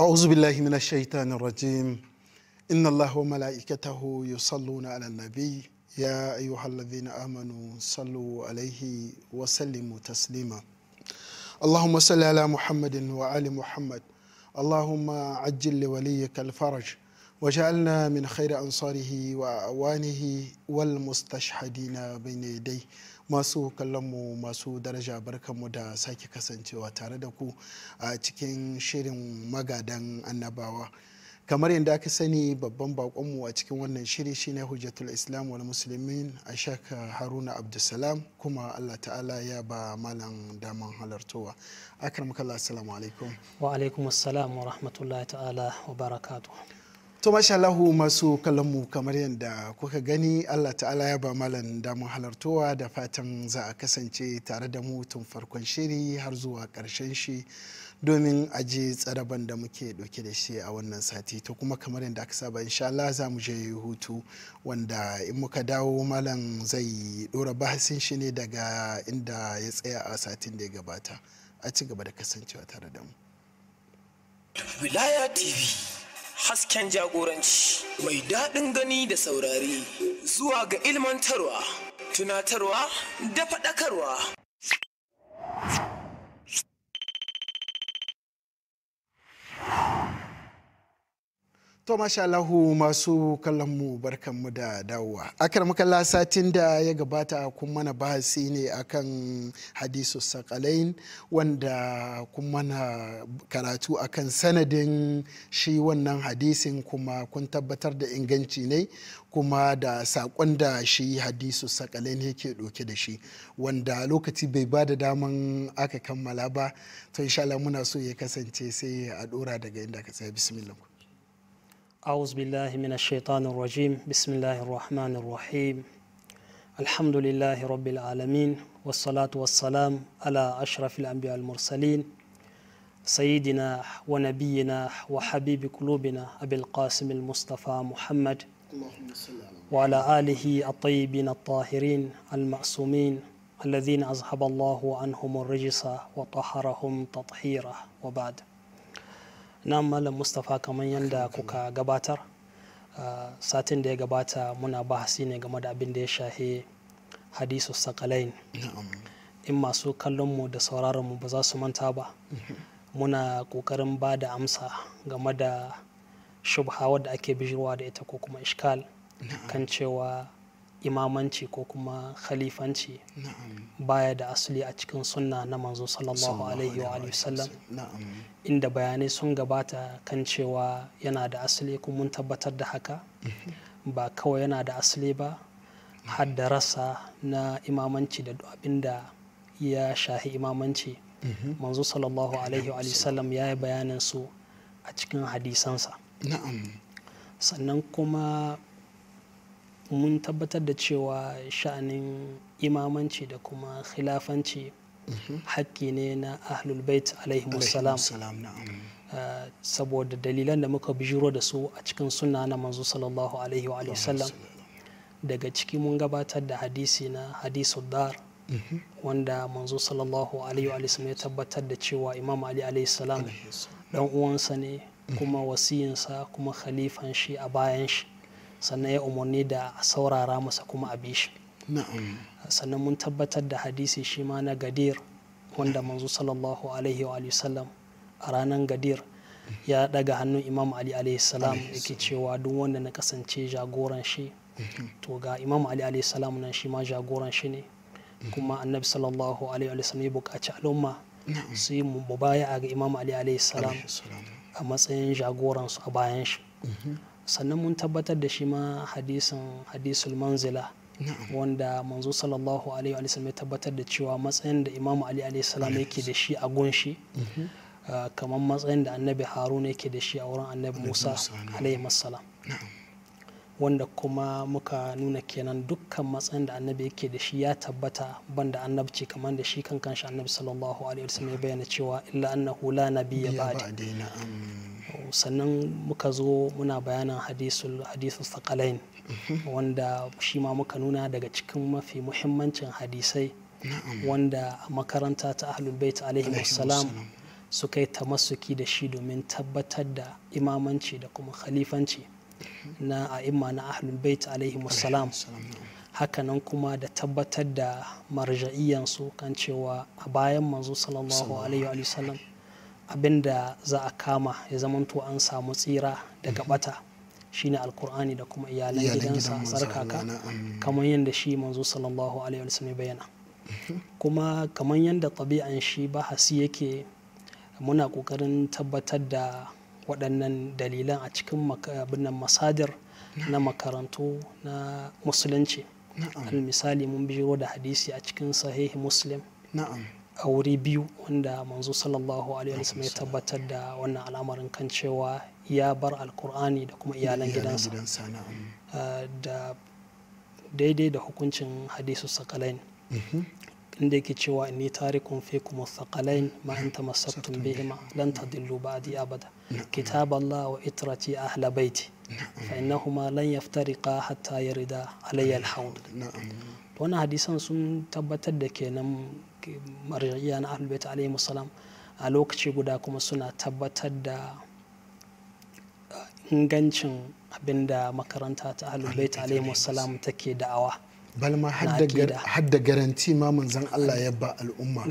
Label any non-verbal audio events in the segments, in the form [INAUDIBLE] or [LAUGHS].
أعوذ بالله من الشيطان الرجيم إن الله وملائكته يصلون على النبي يا أيها الذين آمنوا صلوا عليه وسلموا تسليما اللهم صل على محمد وعلى محمد اللهم عجل لوليك الفرج وجعلنا من خير أنصاره وأعوانه والمستشهدين بين يديه masu kallonmu masu daraja barkanmu da sake kasancewa tare da ku a cikin shirin magadan annabawa kamar yadda aka sani babban bakonmu a cikin wannan shiri shine hujjatul islam wal musulmin a shaka haruna abdulsalam kuma allah ta'ala ya ba malam daman halartowa akram kalla assalamu alaikum wa alaikum assalam wa rahmatullahi ta'ala wa barakatuh To mashallahu masu mu kamar yadda kuka gani Allah ta'ala ya ba malam damar halartowa da fatan za a kasance tare da mu tun farkon shiri har zuwa karshen shi domin aji tsaraban da muke dauke da shi a wannan sati to kuma kamar yadda aka saba insha za mu je hutu wanda in muka dawo malam zai dora bahasin shi ne daga inda ya tsaya a satin da ya gabata a ci gaba da kasancewa tare da mu. Wilaya TV hasken jagoranci mai daɗin gani da saurari zuwa ga ilmantarwa tunatarwa da faɗakarwa To masha Allahu masu kallonmu barkanmu da dawowa. Akar kalla satin da ya gabata kun mana bahasi ne akan hadisu sakalain wanda kun mana karatu akan sanadin shi wannan hadisin kuma kun tabbatar da inganci ne kuma da sakon da shi hadisu sakalain yake ɗauke da shi wanda lokaci bai ba da daman aka kammala ba to insha Allah muna so ya kasance sai a ɗora daga inda ka tsaya bismillah أعوذ بالله من الشيطان الرجيم بسم الله الرحمن الرحيم الحمد لله رب العالمين والصلاة والسلام على أشرف الأنبياء المرسلين سيدنا ونبينا وحبيب قلوبنا أبي القاسم المصطفى محمد وعلى آله الطيبين الطاهرين المعصومين الذين أذهب الله عنهم الرجس وطهرهم تطهيرا وبعد na malam mustapha kamar yadda kuka gabatar uh, satin da ya gabata muna bahasi ne game da abin da ya shahe hadisu sakalain in masu kallonmu da sauraronmu ba za su manta ba [LAUGHS] muna kokarin ba da amsa game da shubha wadda ake bijirwa da ita ko kuma ishkal kan cewa imamanci ko kuma khalifanci baya da asali a cikin sunna na manzo sallallahu alaihi wa sallam inda bayanai sun gabata kan cewa yana da asali kuma mun tabbatar da haka mhm. ba kawai yana da asali ba mhm. har da rasa na imamanci da abinda ya shahi imamanci mhm. manzo sallallahu alaihi wa sallam ya yi bayanin su a cikin hadisansa sannan kuma mun tabbatar da cewa sha'anin imamanci da kuma khilafanci mhm. haƙƙi ne na ahlul bait alaihi eh, saboda dalilan da muka bijiro da su a cikin sunna na manzo sallallahu alaihi wa sallam daga ciki mun gabatar da hadisi na hadisu dar mhm. wanda manzo sallallahu alaihi wa sallam ya tabbatar da cewa imam ali alaihi salam dan uwansa ne mhm. kuma wasiyinsa kuma khalifan shi a bayan shi sannan ya umarni da a saurara masa kuma a shi sannan mun tabbatar da hadisi shi ma na gadir wanda manzo sallallahu alaihi wa sallam a ranar gadir ya daga hannun imam ali alaihi salam yake cewa duk wanda na kasance jagoran shi mhm. to ga imam ali alaihi salam nan shi ma jagoran shi ne mhm. kuma annabi sallallahu alaihi wa sallam ya buƙaci al'umma su yi mubaya ga imam ali alaihi salam a matsayin jagoran su a bayan shi mhm. sannan mun tabbatar da shi ma hadisin hadisul manzila wanda manzo sallallahu alaihi wa sallam ya tabbatar da cewa matsayin da imamu ali alaihi salam yake da shi a gunshi mhm. ah, kamar matsayin da annabi haruna yake da shi a wurin annabi musa alaihi salam wanda kuma muka nuna kenan dukkan matsayin da annabi yake da shi ya tabbata banda annabci kamar da shi kan kanshi annabi sallallahu alaihi wasallam ya bayyana cewa illa annahu la nabiyya ba'di sannan muka zo muna bayanan hadisul hadisus thaqalain mhm. wanda shi ma muka nuna daga cikin mafi muhimmancin hadisai wanda makaranta ta ahlul bait alaihi wassalam suka yi tamassuki da shi domin tabbatar da imamanci da kuma khalifanci na a imma na ahlul bait alaihi wassalam hakanan kuma da tabbatar da marja'iyansu kan cewa a bayan manzo sallallahu alaihi wasallam abinda za a kama ya zamanto an samu tsira daga bata shine alkur'ani da kuma iyalan gidansa sarkaka kamar yadda shi manzo sallallahu alaihi wasallam bayyana kuma kamar yadda tabi'an shi ba bahasi yake muna kokarin tabbatar da waɗannan dalilan a cikin abinnan masadir na makarantu na musulunci misali mun biro da hadisi a cikin sahihi muslim a wuri biyu wanda manzo sallallahu alaihi wasallam ya tabbatar da wannan al'amarin kan cewa ya bar alkur'ani da kuma iyalan gidansa ah, da daidai da hukuncin hadisu sakalain mhm. inda yake cewa inni tarikun fi kuma thaqalain ma in tamassaktum bihima lan tadillu ba'di abada kitab Allah wa itrati ahla baiti fa innahuma lan yaftariqa hatta yarida alayya alhawn wannan hadisan sun tabbatar da kenan marjiya na ahlul bait alayhi a lokaci guda kuma suna tabbatar da ah, ingancin abinda makaranta ta ahlul bait alayhi salam take da'awa balma hadda garanti ma manzan Allah ya ba al'umma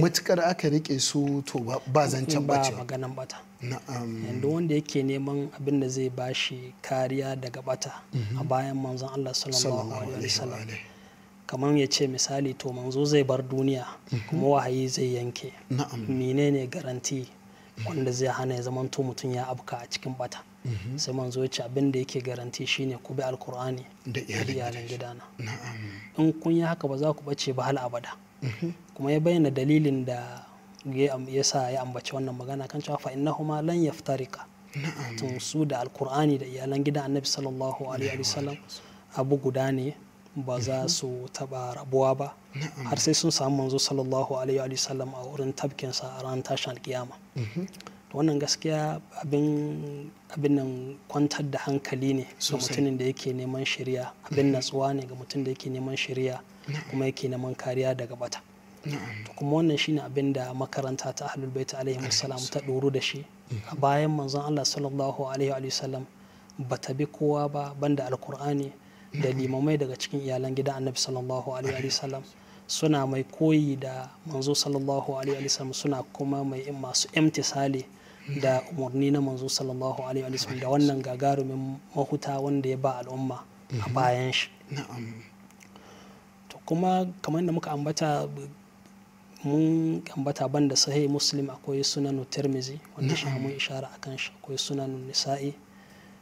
matukar aka rike su to ba zancen ba ganin bata yadda wanda yake neman abin da zai bashi kariya daga bata a mhm. bayan manzan Allah sallallahu alaihi wasallam kamar ya ce misali to manzo zai bar duniya mhm. kuma wahayi zai yanke menene garanti wanda zai hana ya zamanto mutum ya abka a cikin bata Mhm. sai manzo ya ce abin da yake garanti shine ku bi alkur'ani da iyalan gidana in kun yi haka ba za ku bace ba hal abada mhm. kuma ya bayyana dalilin da ya sa ya ambaci wannan magana kan cewa fa innahuma lan yaftarika tun su da alkur'ani da iyalan gidan annabi sallallahu alaihi wasallam abu guda ne ba za mhm. su taba rabuwa ba har sai sun samu manzo sallallahu alaihi wasallam a wurin tabkinsa a ran tashin alkiyama wannan gaskiya abin nan kwantar da hankali ne ga mutumin da yake neman shirya abin mm-hmm. natsuwa ne ga mutum da yake neman shirya kuma yake neman kariya daga bata kuma wannan shine abin da makaranta ta ahlul bait alaihi ta doro da shi a mm-hmm. bayan manzon Allah sallallahu alaihi wa sallam bata bi kowa ba banda alkur'ani da mm-hmm. limamai daga cikin iyalan gidan annabi sallallahu alaihi wa sallam suna mai koyi da manzo sallallahu alaihi wa sallam suna kuma mai masu imtisali da umarni na manzo sallallahu alaihi wa sallam da wannan gagarumin mahuta wanda ya ba al'umma a mhm. bayan shi to kuma kamar da muka ambata mun ambata banda sahih muslim akwai sunan tirmizi wanda shi mun ishara akan shi akwai sunan nisa'i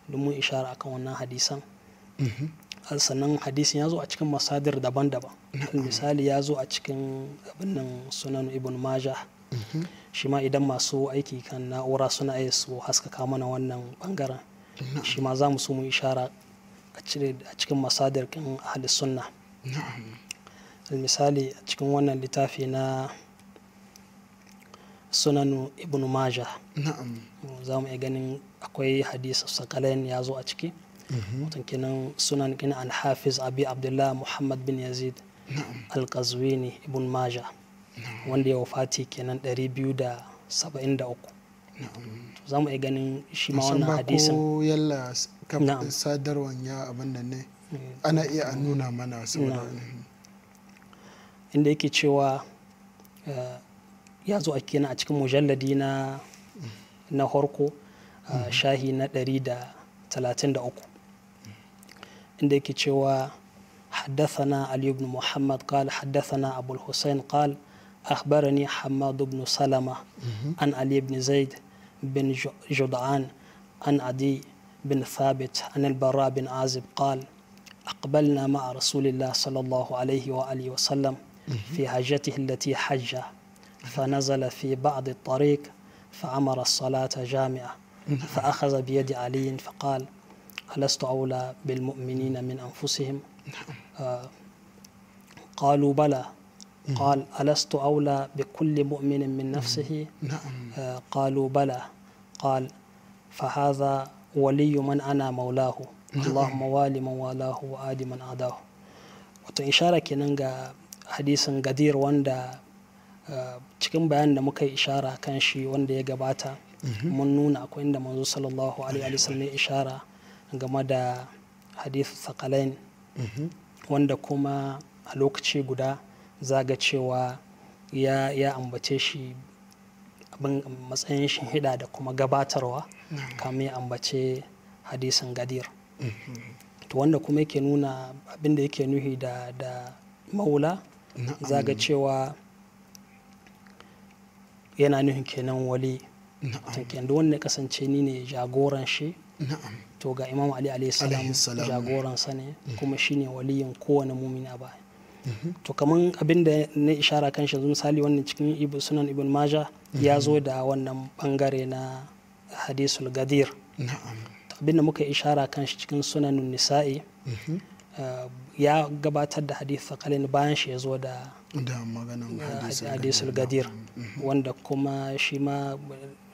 duk mun ishara akan wannan hadisan mhm. sanan hadisin ya zo a cikin masadir daban-daban misali ya zo a cikin abin nan sunan ibn majah mhm. shi ma idan masu aiki kan na'ura suna iya su haskaka mana wannan bangaren shi ma za mu so mu ishara a cikin masadar kan sunna misali a cikin wannan littafi na sunan ibn maja za mu iya ganin akwai hadisa sakalain ya zo a ciki mhm. sunan kina al-hafiz abi abdullah muhammad bin yazid al-qazwini ibn maja. wanda ya wafati kenan 273 za mu iya ganin shi ma wannan hadisin ko yalla sadarwan ya abin nan ne eh. ana iya a nuna mana saboda inda yake cewa eh, ya zo a kenan a cikin mujalladi na na horko eh, mm-hmm. shahi na 133 inda yake cewa حدثنا علي بن محمد قال حدثنا أبو الحسين قال أخبرني حماد بن سلمة عن علي بن زيد بن جدعان عن عدي بن ثابت عن البراء بن عازب قال أقبلنا مع رسول الله صلى الله عليه وآله وسلم في حجته التي حج فنزل في بعض الطريق فأمر الصلاة جامعة فأخذ بيد علي فقال ألست أولى بالمؤمنين من أنفسهم نعم. آه قالوا بلى Mm. قال ألست أولى بكل مؤمن من نفسه mm. قالوا بلى قال فهذا ولي من أنا مولاه اللهم والي من والاه وآدي من آداه وإن ishara kenan ga hadisin gadir wanda cikin bayan da muka yi ishara kan shi wanda ya gabata mm-hmm. mun nuna akwai inda manzo sallallahu alaihi wasallam ya ishara game da hadith thaqalain mm-hmm. wanda kuma a lokaci guda zaga cewa ya, ya ambace shi abin matsayin shinhida da kuma gabatarwa kamar ya ambace hadisin gadir mm-hmm. to wanda kuma yake nuna abinda yake nuhi da, da maula zaga cewa yana nuhin kenan wali tankin da wanda kasance ni ne jagoran shi to ga imam ali alaihi sa ne mm. kuma shine waliyin kowane mumina ba. to kaman abin da na ishara kan shi misali wannan cikin sunan ibn maja ya zo mhm. da wannan bangare na hadisul gadir abin da muka ishara kan shi cikin sunan nisa'i mhm. eh, ya gabatar da hadith sakalin bayan shi ya zo da eh, hadisul gadir mhm. wanda kuma shi ma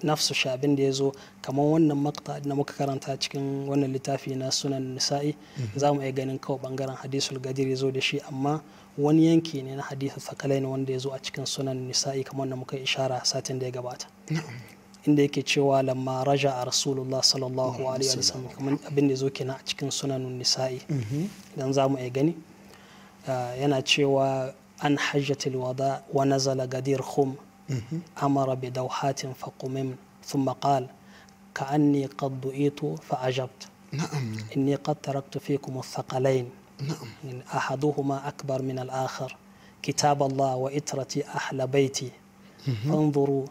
nafsu shi abin da ya zo kamar wannan makta da muka karanta cikin wannan littafi na sunan nisa'i za mu iya ganin kawai bangaren hadisul gadir ya zo da shi amma wani yanki ne na hadithu ne wanda ya zo a cikin sunan nisa'i kamar da muka ishara satin da ya gabata inda yake cewa lamma raja a rasulullah sallallahu alaihi wa sallam kamar abin da zo kenan a cikin sunan nisa'i mhm. idan za mu iya gani ah, yana cewa an hajjatil wada wa nazala gadir khum mhm. amara bi dawhatin fa qumim thumma qala ka anni qad du'itu fa ajabt inni qad taraktu fikum athqalain نعم أحدهما أكبر من الآخر كتاب الله وإترتي أحلى بيتي فانظروا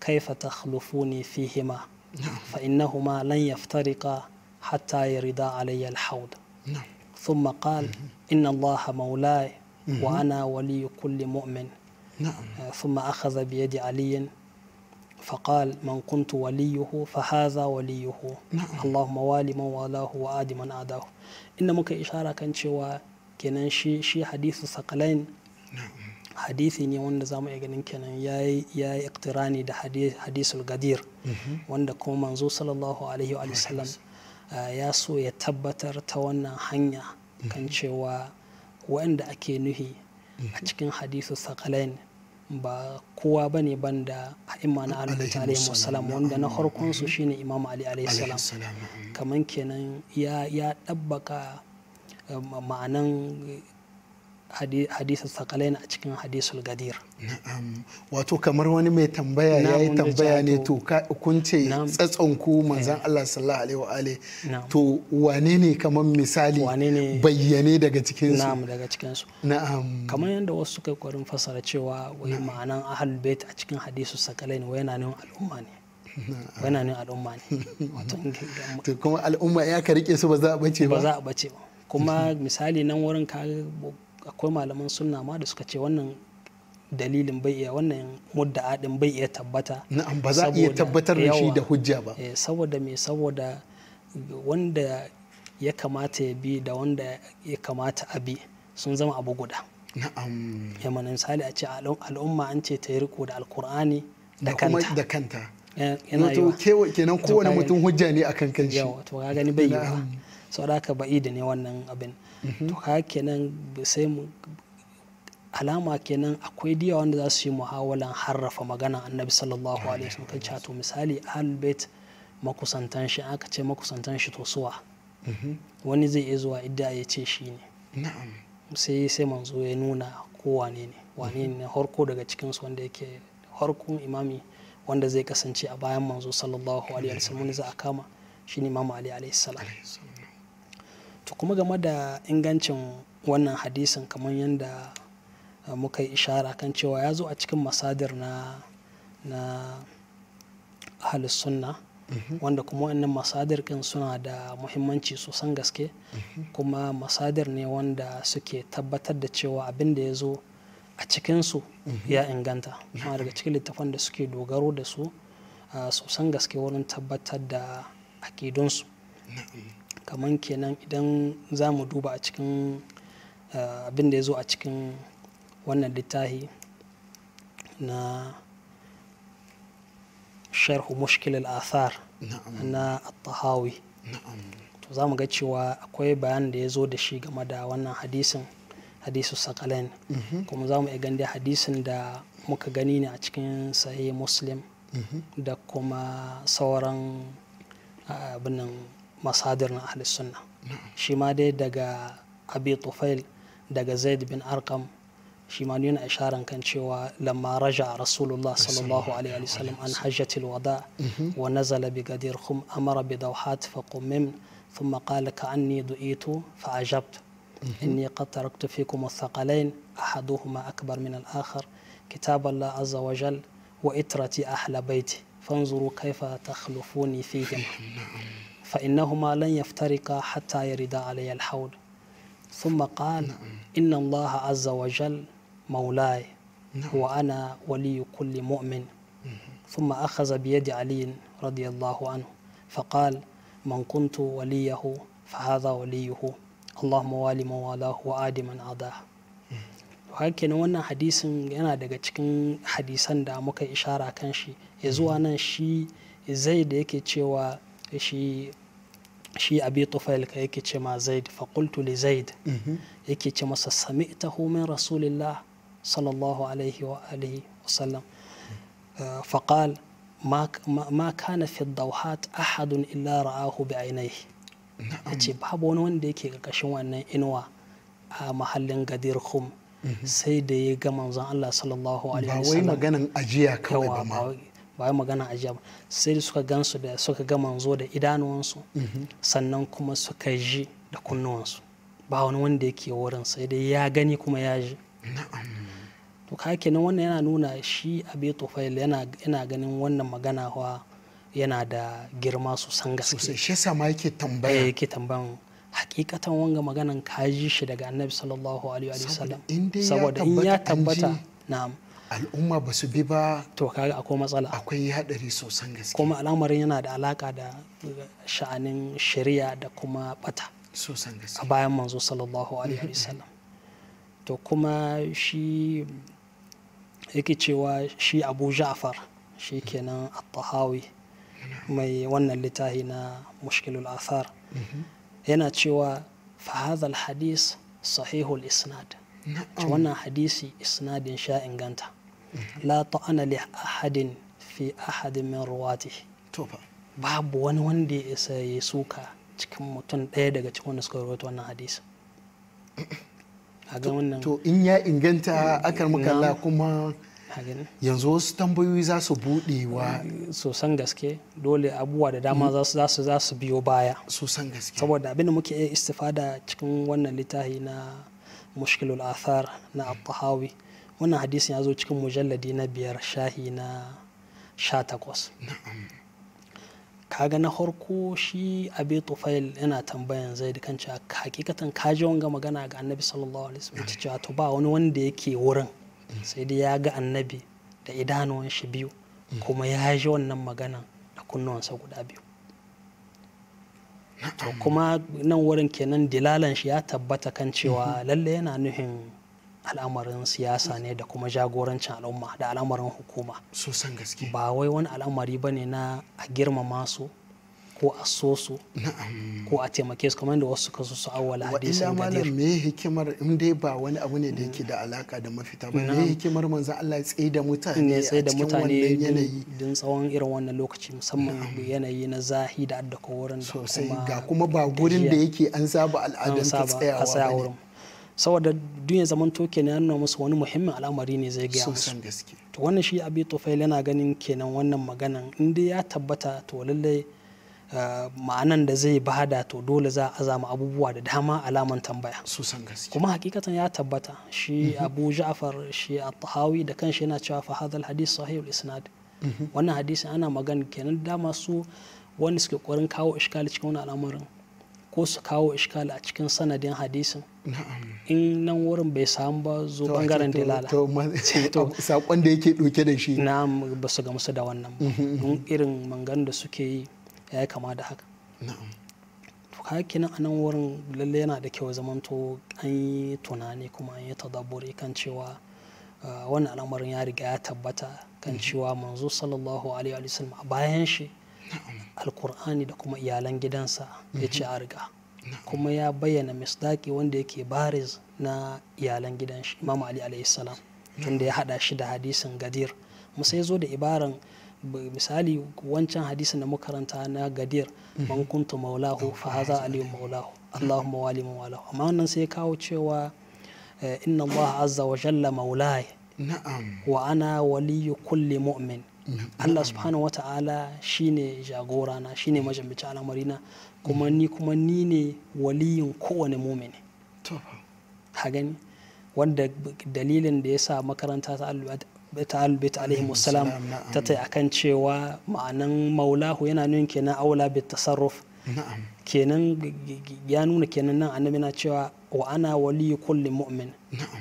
كيف تخلفوني فيهما نعم. فإنهما لن يفترقا حتى يردا علي الحوض نعم. ثم قال إن الله مولاي وأنا ولي كل مؤمن نعم. ثم أخذ بيد علي فقال من كنت وليه فهذا وليه اللهم والي من والاه وآد من آداه إن مك إشارة كان شوى kenan shi shi hadisu sakalain hadisi ne wanda za mu iya ganin kenan ya yi iktirani da hadisul gadir wanda kuma manzo sallallahu alaihi wa sallam ya so ya tabbatar ta wannan hanya kan cewa waɗanda ake nuhi a cikin hadisu sakalain ba kowa ba ne ban da a'imma na ahlul alaihi wasallam wanda na farkon su shine imam ali alaihi salam kaman kenan ya ya dabbaka eh, ma'anan hadisul sakalain a cikin hadisul gadir na'am wato kamar wani mai tambaya ya yi tambaya ne to kun ce tsatson ku manzan eh. Allah sallallahu alaihi wa ali to wane ne kamar misali bayyane daga cikin su na'am daga cikin su na'am kamar yadda wasu suka yi fasara cewa wai ma'anan ahal bait a cikin hadisul sakalain wai yana nan al'umma ne yana nan al'umma ne [LAUGHS] to kuma al'umma ya ka rike su ba za a bace ba ba za a bace ba kuma misali nan wurin ka akwai malaman sunna ma da suka ce wannan dalilin bai iya wannan mudda adin bai iya tabbata na'am ba za iya tabbatar da shi da hujja ba eh, saboda me saboda wanda ya kamata ya bi da wanda ya kamata a bi sun zama abu guda na'am manin sali a ce al'umma an ce ta yi riko da alkur'ani da kanta da kanta eh, yana yi kenan kowane mutum hujja ne akan kanshi yawa to ga gani bai yi ba saboda haka ba'i da ne wannan abin to ka kenan sai mu alama kenan akwai diya wanda za su yi muhawalan harrafa magana annabi sallallahu alaihi wasallam kan cewa to misali albert makusantan shi aka ce makusantan shi to suwa mhm. wani zai iya zuwa idda ya ce shi ne sai sai manzo ya nuna ko wane ne wane ne harko daga cikin su wanda yake harkun imami wanda zai kasance a bayan manzo sallallahu alaihi wasallam za a kama shine imamu ali alaihi salam To kuma game da ingancin wannan hadisin kamar yadda eh, muka yi ishara kan cewa ya zo a cikin masadir na na sunna mhm. wanda kuma wannan masadir ɗin suna da muhimmanci sosan gaske mhm. kuma masadir ne wanda suke tabbatar da cewa abin da ya zo a cikinsu mhm. ya inganta kuma daga cikin littafan da suke dogaro da su ah, sosan gaske wurin tabbatar da akidunsu kamar kenan idan za mu duba a cikin eh, abin da ya zo a cikin wannan littahi na sharhu mushkilal athar na atahawi tahawi to za mu ga cewa akwai bayan da ya zo da shi game da wannan hadisin hadisu sakalain mhm. kuma za mu iya gani hadisin da muka gani ne a cikin sahih muslim mhm. da kuma sauran eh, abinan مصادرنا أهل السنة نعم. شمالي دقا أبي طفيل دقا زيد بن أرقم شما نينا إشارة كان شوى لما رجع رسول الله صلى الله عليه وسلم عن حجة الوداع ونزل بقدير خم أمر بدوحات فقمم ثم قال كأني دئيت فعجبت إني قد تركت فيكم الثقلين أحدهما أكبر من الآخر كتاب الله عز وجل وإترتي أحلى بيتي فانظروا كيف تخلفوني فيهم نعم. fa inna huma lan ya fitar ka hata ya rida alayyar haudu sun maƙana inna ba ha azza wa jan wa ana wali kulle mu'min sun ma aka zabiye da aliyin radiyallahu anu faƙal man kuntu wali ya hu fa ha za wali yi hu Allah ma wali ma wala wa wannan hadisin yana daga cikin hadisan da muka ishara kan shi ya zuwa nan shi zai da yake cewa shi shi abi tufail ka yake ce ma zaid fa qultu li zaid mhm. yake ce masa sami'tahu min rasulillah sallallahu alaihi wa alihi wa sallam mhm. uh, fa qala ma kana fi dawhat ahad illa ra'ahu bi aynihi yace babu wani wanda yake karkashin wannan inuwa a mahallin gadir khum mhm. sai da ya ga manzon Allah sallallahu alaihi wa sallam ba wai maganan ajiya kawai ba ba magana ajiya ba sai da suka gansu da suka ga manzo da idanuwansu mhm. sannan kuma suka ji da kunnuwansu ba wani wanda yake wurin sai dai ya gani kuma ya ji to ka kenan wannan yana nuna shi a tufail yana yana ganin wannan magana wa yana da girma sosan gaske shi yasa ma yake eh, hakikatan wanga maganan ka ji shi daga annabi sallallahu alaihi wa sallam saboda in ya tabbata na'am al'umma ba su bi ba to kaga akwai matsala akwai hadari sosan gaske kuma al'amarin yana da alaka da sha'anin shari'a da kuma bata sosan gaske a bayan manzo sallallahu alaihi wasallam to kuma shi yake cewa shi abu ja'far shi kenan at-tahawi mai wannan littafi na mushkilul athar yana cewa fa hadis hadith sahihul isnad wannan hadisi isnadin sha inganta la ta'ana li ahadin fi ahadin min ruwati babu wani wanda ya isa ya suka cikin mutum daya daga cikin wanda suka rawaito wannan hadisi to in ya inganta akan makalla kuma yanzu wasu tambayoyi za su buɗe wa sosan gaske dole abubuwa da dama za su za su biyo baya sosan gaske saboda abin da muke istifada cikin wannan littafi na mushkilul athar na al-tahawi wannan hadisin ya zo cikin mujalladi na biyar shahi na sha takwas kaga na farko shi abi tufail yana tambayan zai da kanci hakikatan kaji wanga magana ga annabi sallallahu alaihi wasallam cewa to ba wani wanda yake wurin sai dai ya ga annabi da idanuwan shi biyu kuma ya ji wannan magana da kunnuwansa guda biyu to kuma nan wurin kenan dilalan shi ya tabbata kan cewa lalle yana nuhin al'amarin siyasa ne da kuma jagorancin al'umma da al'amarin hukuma sosan gaske ba wai wani al'amari ba ne na a girmama su ko a so su ko a taimake su kamar da wasu kasu su awwala hadisi gadir malam me hikimar in dai ba wani abu ne da yake da alaka da mafita ba me hikimar manzo Allah ya tsaye da mutane a cikin wannan yanayi din tsawon irin wannan lokaci musamman abu yanayi na zahi da addaka wurin da kuma ga kuma ba gurin da yake an saba al'adun ta tsayawa ba saboda duniya zaman to kenan ya nuna musu wani muhimmin al'amari ne zai gaya musu to wannan shi abi tufail yana ganin kenan wannan maganan inda ya tabbata to lallai eh, ma'anan da zai bada to dole za a zama abubuwa da dama alaman tambaya kuma hakikatan ya tabbata shi mhm. abu ja'far shi at-tahawi da kanshi yana cewa fa hadisi hadith sahih al-isnad mhm. wannan hadisi ana magana kenan dama su wani suke kokarin kawo iskali cikin wani al'amarin ko su kawo iskali a cikin sanadin hadisin in nan wurin bai samu ba zo bangaren dilala to [LAUGHS] [LAUGHS] sakon da yake doke da shi na ba su gamsu da wannan mm-hmm, mm-hmm. don irin mangan da suke yi ya kama da haka to ka a nan wurin lalle yana da kyau zamanto an yi tunani kuma an yi tadabburi kan cewa ah, wannan al'amarin ya riga ya tabbata kan mm-hmm. cewa manzo sallallahu alaihi wasallam a bayan shi alkur'ani da kuma iyalan gidansa ya ce a riga kuma ya bayyana misdaki wanda yake bariz na iyalan gidan shi imam ali alayhi tunda ya hada shi da hadisin gadir musa ya zo da ibaran misali wancan hadisin da makaranta na gadir mhm. man kuntu maulahu fa haza aliyu maulahu allahumma wali maulahu amma wannan sai ya kawo cewa eh, inna allah azza wa jalla maulaya wa ana waliyu kulli mu'min Allah subhanahu shi shine jagorana shine majambici al'amarina kuma ni kuma ni ne waliyin kowane mumini ka gani wanda dalilin da ya sa makaranta ta ahlulbait alaihi wasalam ta tai akan cewa ma'anan maulahu yana nuna kenan aula bit tasarruf kenan ya nuna kenan nan annabi na cewa wa ana waliyu kulli mu'min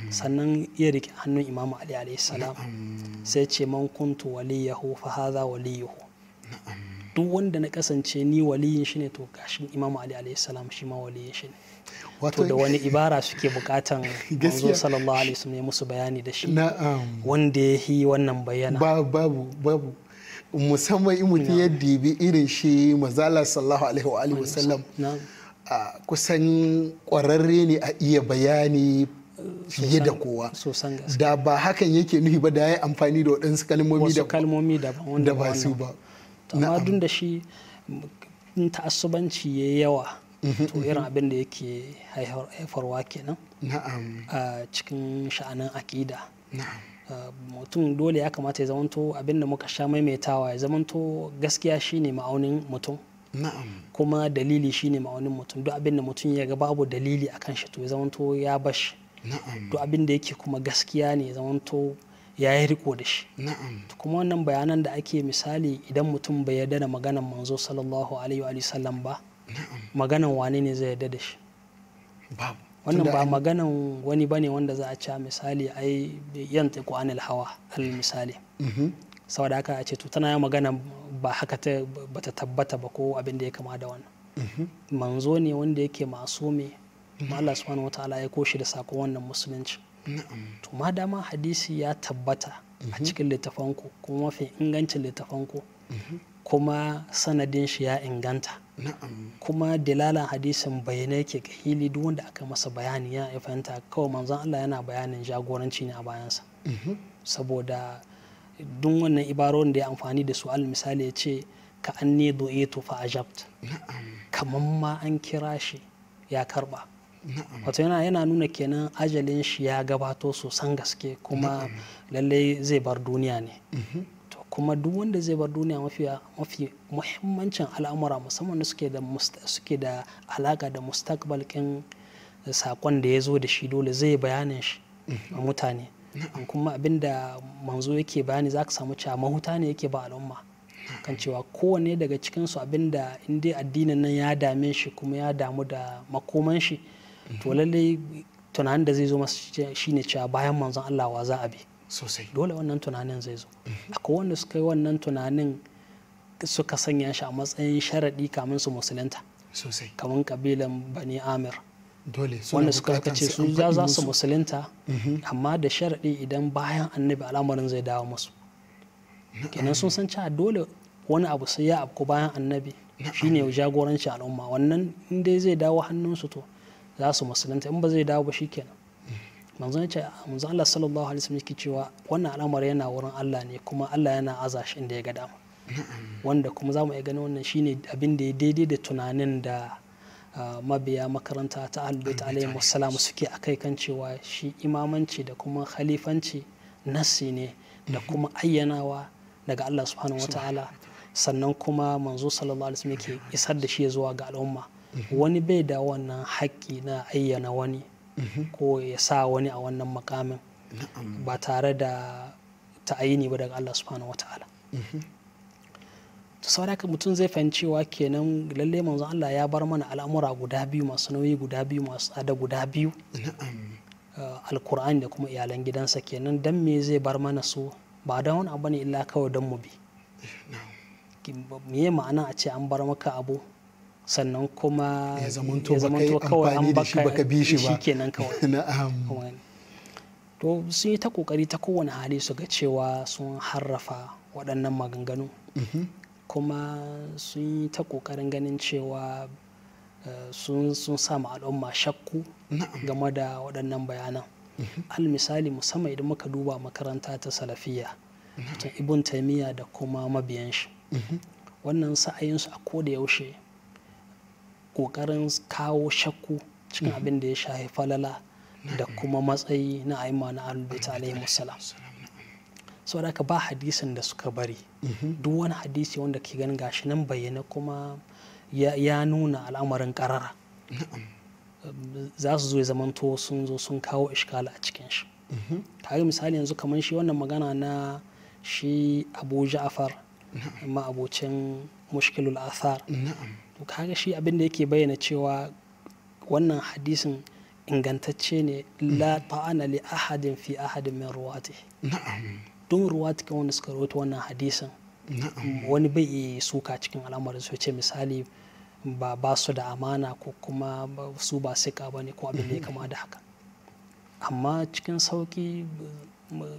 sannan iya rike hannun imamu ali alaihi salam sai ce man kuntu waliyahu fa hadha waliyuhu duk wanda na kasance ni waliyin shi ne to gashin imamu ali alayhi salam shi ma waliyin shi ne wato da wani ibara suke bukatan [LAUGHS] manzo sallallahu alaihi wasallam ya musu bayani da shi wanda ya yi wannan bayana babu babu musamman in mutum ya dibi irin shi mazala sallallahu alaihi wa wasallam kusan kwararre ne a iya bayani fiye da kowa da ba hakan yake nufi ba da ya yi amfani da waɗansu kalmomi da ba su ba amma duk da shi in ta'assubanci ya yawa mhm, to mhm. irin abin da yake haifarwa kenan a cikin sha'anin akida mutum dole ya kamata ya zamanto abin da muka sha maimaitawa ya zamanto gaskiya shine ma'aunin mutum kuma dalili shine ma'aunin mutum duk abin da mutum ya ga babu dalili a kan shi to ya zamanto ya bashi duk abin da yake kuma gaskiya ne ya zamanto ya yi riko da shi kuma wannan bayanan da ake misali idan mutum bai yarda da maganan manzo sallallahu alaihi wa sallam ba maganan wane ne zai yarda da shi wannan ba maganan wani bane wanda za a ci misali ai yan tiku anil hawa al misali mhm. saboda haka a ce to tana yin magana ba haka ta bata tabbata ba ko abin da ya kama da wannan mhm. manzo ne wanda yake masu me mhm. Allah subhanahu ta'ala ya koshi da sakon wannan musulunci to ma dama hadisi ya tabbata a mhm. cikin littafanku kuma mafi ingancin littafanku mhm. kuma sanadin shi ya inganta kuma dilalan hadisin bayanai ke ga hili duk wanda aka masa bayani ya fahimta kawai manzon Allah yana bayanin jagoranci ne a bayansa mhm. saboda duk wannan ibarorin da ya amfani da su al misali ya ce ka an ne fa ajabt kamar ma an kira shi ya karba wato yana yana nuna kenan ajalin shi ya gabato sosan gaske kuma lallai zai bar duniya ne to kuma duk wanda zai bar duniya mafi muhimmancin al'amura musamman da suke da suke da alaka da mustaqbal kin sakon da ya zo da shi dole zai bayanin shi a mutane kuma abinda manzo yake bayani zaka samu cewa mahuta ne yake ba al'umma kan cewa kowane daga cikinsu abinda in dai addinin nan ya dame shi kuma ya damu da makoman shi to lallai tunanin da zai zo masa ne cewa bayan manzon Allah wa za a bi sosai dole wannan tunanin zai zo akwai wanda suka yi wannan tunanin suka sanya shi a matsayin sharaɗi kamun su musulunta sosai kamun kabilan bani amir dole wanda suka ce su za za su musulunta mhm. amma da sharaɗi idan bayan annabi al'amarin zai dawo masu kenan sun san cewa dole wani abu sai ya ko bayan annabi shine jagorancin al'umma wannan in dai zai dawo hannunsu to za su musulunta in ba zai dawo ba shikenan manzon ce manzo Allah sallallahu alaihi wasallam yake cewa wannan al'amari yana wurin Allah ne kuma Allah yana aza shi inda ya ga dama wanda kuma za mu iya ganin wannan shine abin da ya daidai da tunanin da mabiya makaranta ta ahlulbayt alaihi wasallam suke akai kan cewa shi imamanci da kuma khalifanci nasi ne da mhm. kuma ayyanawa daga Allah subhanahu wataala sannan kuma manzo sallallahu alaihi wasallam yake isar da shi zuwa ga al'umma wani bai da wannan haƙƙi na ayyana wani ko ya sa wani a wannan makamin ba tare da ta'ayini ba daga Allah subhanahu wataala mhm. ta saboda haka mutum zai wa kenan lalle manzon Allah ya bar mana al'amura guda biyu masu nauyi guda biyu masu tsada guda biyu eh, alkur'ani da kuma iyalan gidansa kenan dan me zai bar mana su ba don wani abu ne illa kawai don mu bi me ma'ana a ce an bar maka abu sannan kuma ya zamanto kawai an baka kenan kawai [LAUGHS] to sun yi ta kokari ta kowane hali su ga cewa sun harrafa waɗannan maganganu mm-hmm. kuma sun yi ta kokarin ganin cewa eh, sun sama al'umma shakku game da waɗannan bayanan mm-hmm. al misali musamman idan muka duba makaranta ta salafiya ibn taimiyya da kuma mabiyan shi mm-hmm. wannan sa'ayinsu a koda yaushe kokarin kawo shakku cikin mhm. abin da ya shahi falala da mhm. kuma matsayi na aima na alubita alayhi musalam sau da ba hadisin da suka bari mhm. duk wani hadisi wanda ke ganin gashi nan bayyana kuma ya nuna al'amarin karara za su zo ya zamanto sun zo sun kawo ishkala a cikin shi yi misali yanzu kamar shi wannan magana na shi abu ja'afar ma abocin mushkilul athar kaga shi abin da yake bayyana cewa wannan hadisin ingantacce ne la mm. ta'ana li ahadin fi ahadin min ruwati don ruwati kan wanda suka rawaito wannan hadisin wani bai iya suka cikin al'amarin su ce misali ba ba su da amana ko kuma su ba sika ba ne ko abin da ya mm-hmm. kama da haka amma cikin sauki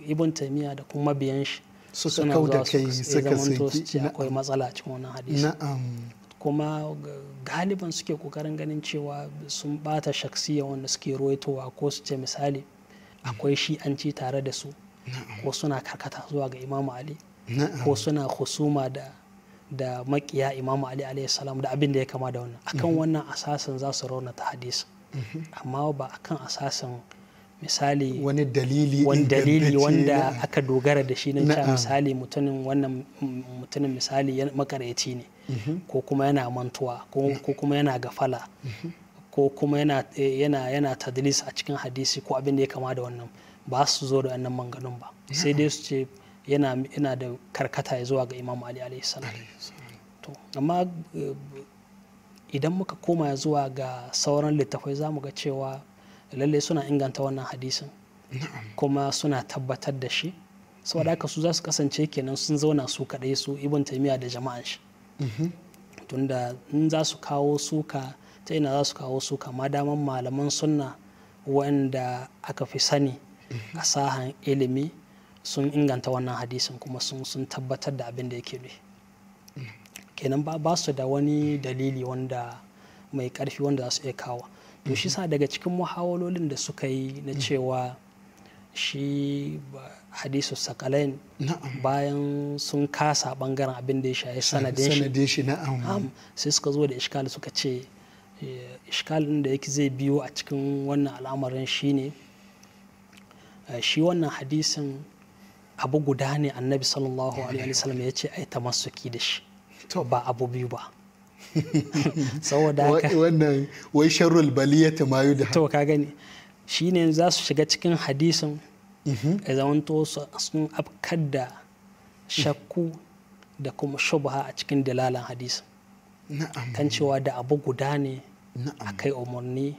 ibn taimiyya da kuma biyan shi suka da kai suka saki akwai matsala cikin wannan hadisi kuma galiban suke kokarin ganin cewa sun bata shaksiya wanda suke ruwaitowa ko su ce misali akwai shi an ci tare da su ko suna karkata zuwa ga imamu ali ko suna husuma da da makiya imamu ali salam da abin da ya kama da wannan akan mhm. wannan asasin za su raunata hadisi mhm. amma ba akan asasin misali wani dalili wani dalili wanda aka dogara da shi na cewa misali mutumin wannan mutumin misali makaryaci ne mhm. ko kuma yana mantuwa ko kuma yana gafala mhm. ko kuma yana yana tadlis a cikin hadisi ko abin da ya kama da wannan ba su zo da wannan manganun ba sai dai su ce yana yana da karkata ya zuwa ga Imam Ali alaihi salam to amma eh, idan muka koma zuwa ga sauran littafai za mu ga cewa lalle suna inganta wannan hadisin kuma suna tabbatar da shi saboda haka su za su kasance kenan sun zauna su kaɗai su ibn taimiyya da jama'an shi mhm. tunda in za su kawo suka ta ina za su kawo suka ma daman malaman sunna wanda aka fi sani mhm. a sahan ilimi sun inganta wannan hadisin kuma sun tabbatar da abin da yake ne mhm. kenan ba su da wani dalili wanda mai karfi wanda za su iya kawo to shi sa daga cikin muhawalolin da suka yi na mm. cewa shi hadisu sakalain bayan sun kasa bangaren abin da ya shaye sanadin shi sai suka zo da ishkal suka ce eh, ishkalin da yake zai biyo a cikin wannan al'amarin shine eh, shi wannan hadisin abu guda ne annabi sallallahu alaihi wasallam ya ce ai tamassuki da shi ba abu biyu ba saboda haka wannan wai ya baliyata ma da to ka gani shine za su shiga cikin hadisin mhm. ya zamanto sun afkar da shakku da kuma shubha a cikin dalalan hadisin kan cewa da abu guda ne a kai umarni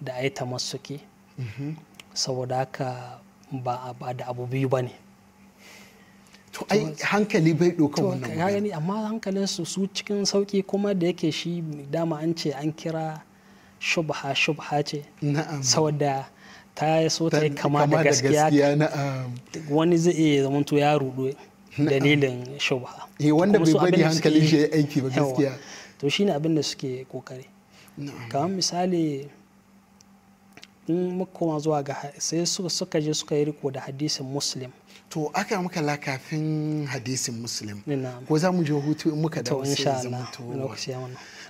da a yi tamassuki mhm. saboda haka ba da abu biyu ba ne to ai hankali bai ɗauka wannan ya gani amma hankalin su su cikin sauki kuma da yake shi dama an ce an kira shubha shubha ce saboda ta so ta kama da gaskiya wani zai iya to ya rudu dalilin shubha eh, wanda bai bari hankalin shi ya aiki ba gaskiya to shine abin da suke kokari kamar misali in muka koma zuwa ga sai suka je suka yi riko da hadisin muslim to aka muka lakafin hadisin muslim ko za mu je hutu in muka da wasu zama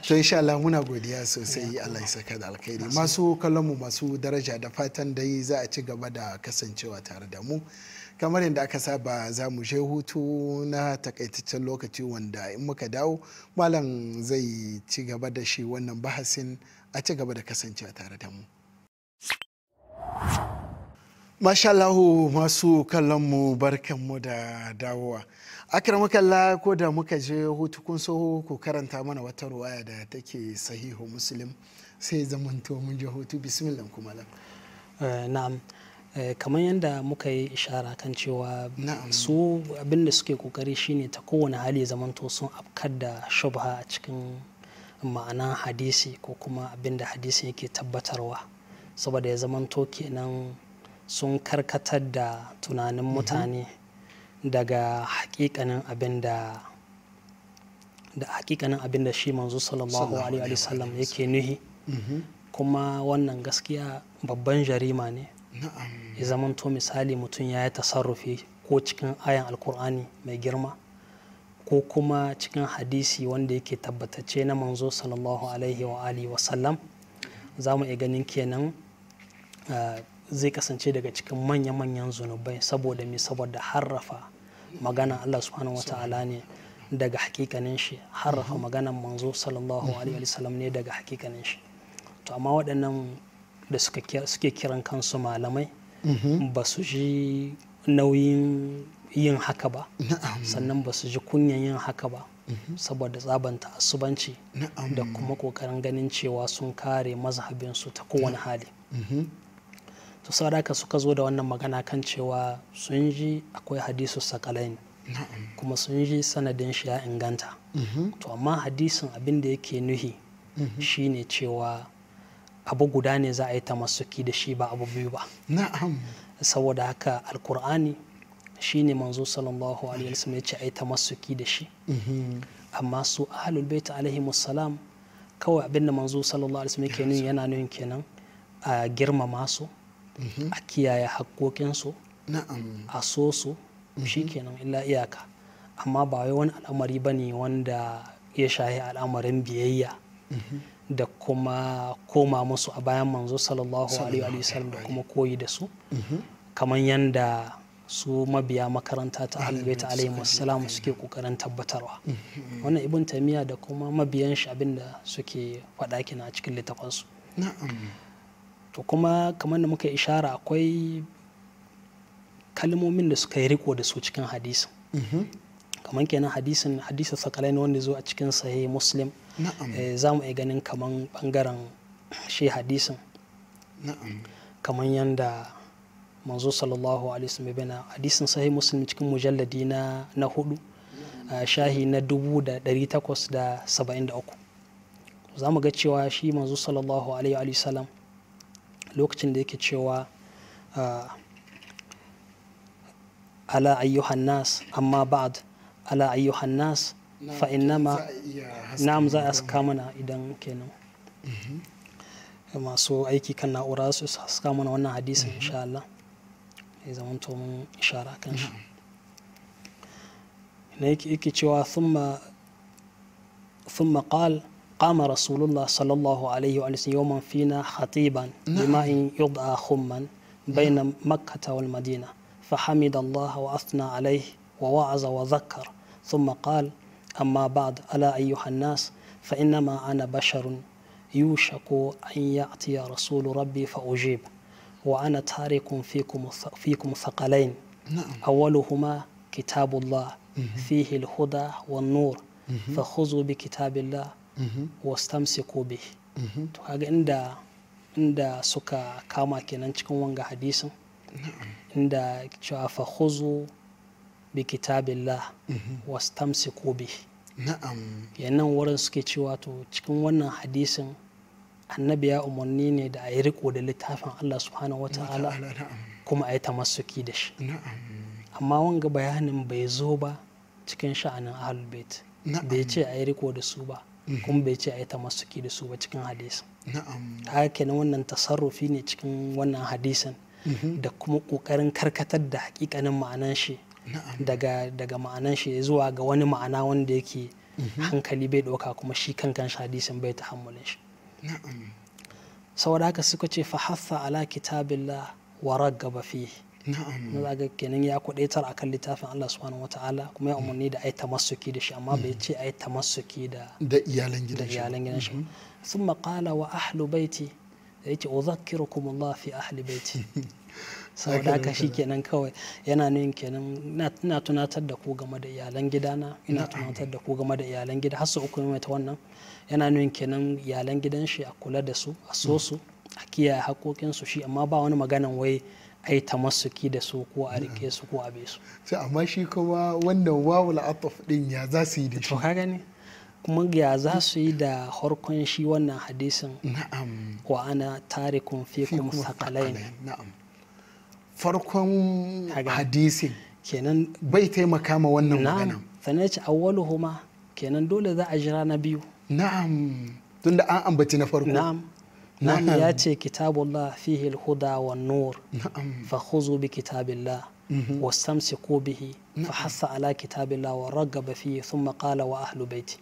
to insha muna godiya sosai Allah ya saka da alkhairi masu kallon mu masu daraja da fatan dai za a ci gaba da kasancewa tare da mu kamar yadda aka saba za mu je hutu na takaitaccen lokaci wanda in muka dawo malam zai ci gaba da shi wannan bahasin a ci gaba da kasancewa tare da mu Mashallahu masu kallon mu kallonmu mu da dawowa. Akram kalla ko da muka je hutu kun so ku karanta mana wata ruwaya da take sahihu muslim sai zamanto mun je hutu bismillah kuma la. Eh, na'am eh, kamar yadda muka yi ishara kan cewa su abinda suke kokari shine ta kowane hali zamanto sun afkar da shubha a cikin ma'anan hadisi ko kuma abinda hadisi yake tabbatarwa saboda ya zamanto kenan sun karkatar da tunanin mhm. mutane daga hakikanin abin da da hakikanin shi manzo sallallahu alaihi wasallam yake nuhi mhm. kuma wannan gaskiya babban jarima ne ya zamanto misali mutum ya yi tasarrufi ko cikin ayan alkur'ani mai girma ko kuma cikin hadisi wanda yake tabbatacce na manzo sallallahu alaihi wa alihi wasallam za mu iya ganin kenan ah, zai kasance daga cikin manya-manyan zunubai saboda me saboda harrafa magana Allah subhanahu wa ta'ala ne daga hakikanin shi harrafa maganan manzo sallallahu alaihi wa sallam ne daga hakikanin shi to amma waɗannan da suke kiran kansu malamai mhm. ba su ji nauyin yin haka ba sannan ba su ji kunyan yin haka ba mhm. saboda tsabanta asubanci da kuma ƙoƙarin ganin cewa sun kare mazhabinsu ta kowane hali mhm. to sadaka suka zo da wannan magana kan cewa sun ji akwai hadisu sakalain kuma sun ji sanadin shi ya inganta mm-hmm. to amma hadisin abin da yake nuhi mm-hmm. shine cewa abu guda ne za a yi tamassuki da shi ba abu biyu ba saboda haka alkur'ani shine manzo sallallahu alaihi wasallam ya ce a yi tamassuki da shi mm-hmm. amma su ahlul bait alaihi wassalam kawai abin da manzo sallallahu alaihi wasallam yake nuni yana nuhin kenan a girmama su Mhm. a kiyaye haƙoƙinsu a so su mhm. shi kenan illa iyaka amma ba wai wani al'amari ba ne wanda ya shahi al'amarin biyayya mhm. da kuma koma musu a bayan manzo sallallahu alaihi wasallam da kuma koyi da su kamar yadda su mabiya makaranta ta ta alaihi wasallam suke kokarin tabbatarwa wannan ibn tamiya da kuma mabiyan shi abinda suke faɗa kina a cikin littafansu na'am to kuma kamar da muka ishara akwai kalmomin da suka yi riko da su cikin hadisi mhm. kamar kenan hadisin hadisin sakalai ne wanda zo a cikin sahih muslim eh, za mu iya ganin kamar bangaren shi hadisin kamar yadda manzo sallallahu alaihi wa bina hadisin sahih muslim cikin mujalladi na na hudu shahi na dubu da dari takwas da saba'in da uku za mu ga cewa shi manzo sallallahu alaihi wa sallam lokacin da yake cewa ah, ala ayyuhan nas amma ba'ad ala ayyuhan nas fa innama nam za a saka mana idan kenan mhm. masu aiki kan na'ura su saka mana wannan hadisin mhm. insha Allah ya zama to ishara kan shi mhm. na yake cewa thumma thumma qala قام رسول الله صلى الله عليه وسلم يوما فينا خطيبا نعم. بماء يضع خما بين مكة والمدينة فحمد الله وأثنى عليه ووعظ وذكر ثم قال أما بعد ألا أيها الناس فإنما أنا بشر يوشك أن يأتي رسول ربي فأجيب وأنا تارك فيكم فيكم ثقلين نعم. أولهما كتاب الله فيه الهدى والنور فخذوا بكتاب الله wastam kobe mm-hmm. to kaga inda inda suka kama kenan cikin wanga hadisin inda cewa fa khuzu bi kitabillah mm-hmm. wastamsiku bi na'am yanan wurin suke cewa to cikin wannan hadisin annabi ya umarni ne da ayi riko da littafin Allah subhanahu wata'ala kuma a tamassuki da shi amma wanga bayanin bai zo ba cikin sha'anin ahlul bait bai ce a riko da su ba kuma bai ce a yi tamassuki da su ba cikin hadisin haka ne wannan tasarrufi ne cikin wannan hadisin mhm. da kuma ƙoƙarin karkatar da hakikanin ma'anan shi daga daga ma'anan shi zuwa ga wani ma'ana wanda yake mhm. hankali bai ɗauka kuma shi kankan shi hadisin bai ta hammulin shi saboda haka suka ce fa hassa ala kitabillah wa raggaba fihi na ga kenan ya kudaitar akan littafin Allah subhanahu wataala kuma ya umarni da ai tamassuki da shi amma bai ce ai tamassuki da da iyalan gidan shi da iyalan gidan shi mhm. thumma qala wa ahlu baiti yake udhakkirukum Allah fi ahli baiti [LAUGHS] da ka shi kenan kawai yana nuna kenan ina tunatar da ku game da iyalan gidana ina tunatar da ku game da iyalan gida har su uku mai ta wannan yana nuna kenan iyalan gidan shi a kula da su a so su mm. a kiyaye haƙoƙin su shi amma ba wani maganan wai a yi tamassuki da su ko a rike su ko a be su sai amma shi kuma wannan wawul ataf din ya za su yi da shi to gani? ne kuma ya za su yi da harkon shi wannan hadisin na'am wa ana tarikun fikum sakalain na'am farkon hadisin kenan bai taimaka ma wannan magana sannan ce awwaluhuma kenan dole za a jira na biyu na'am tunda an ambaci na farko na'am wani ya ce kitabullah fihi alhuda wa nur fa khuzu bi samsi واستمسكوا به فحث على كتاب الله ورغب فيه ثم قال وأهل بيتي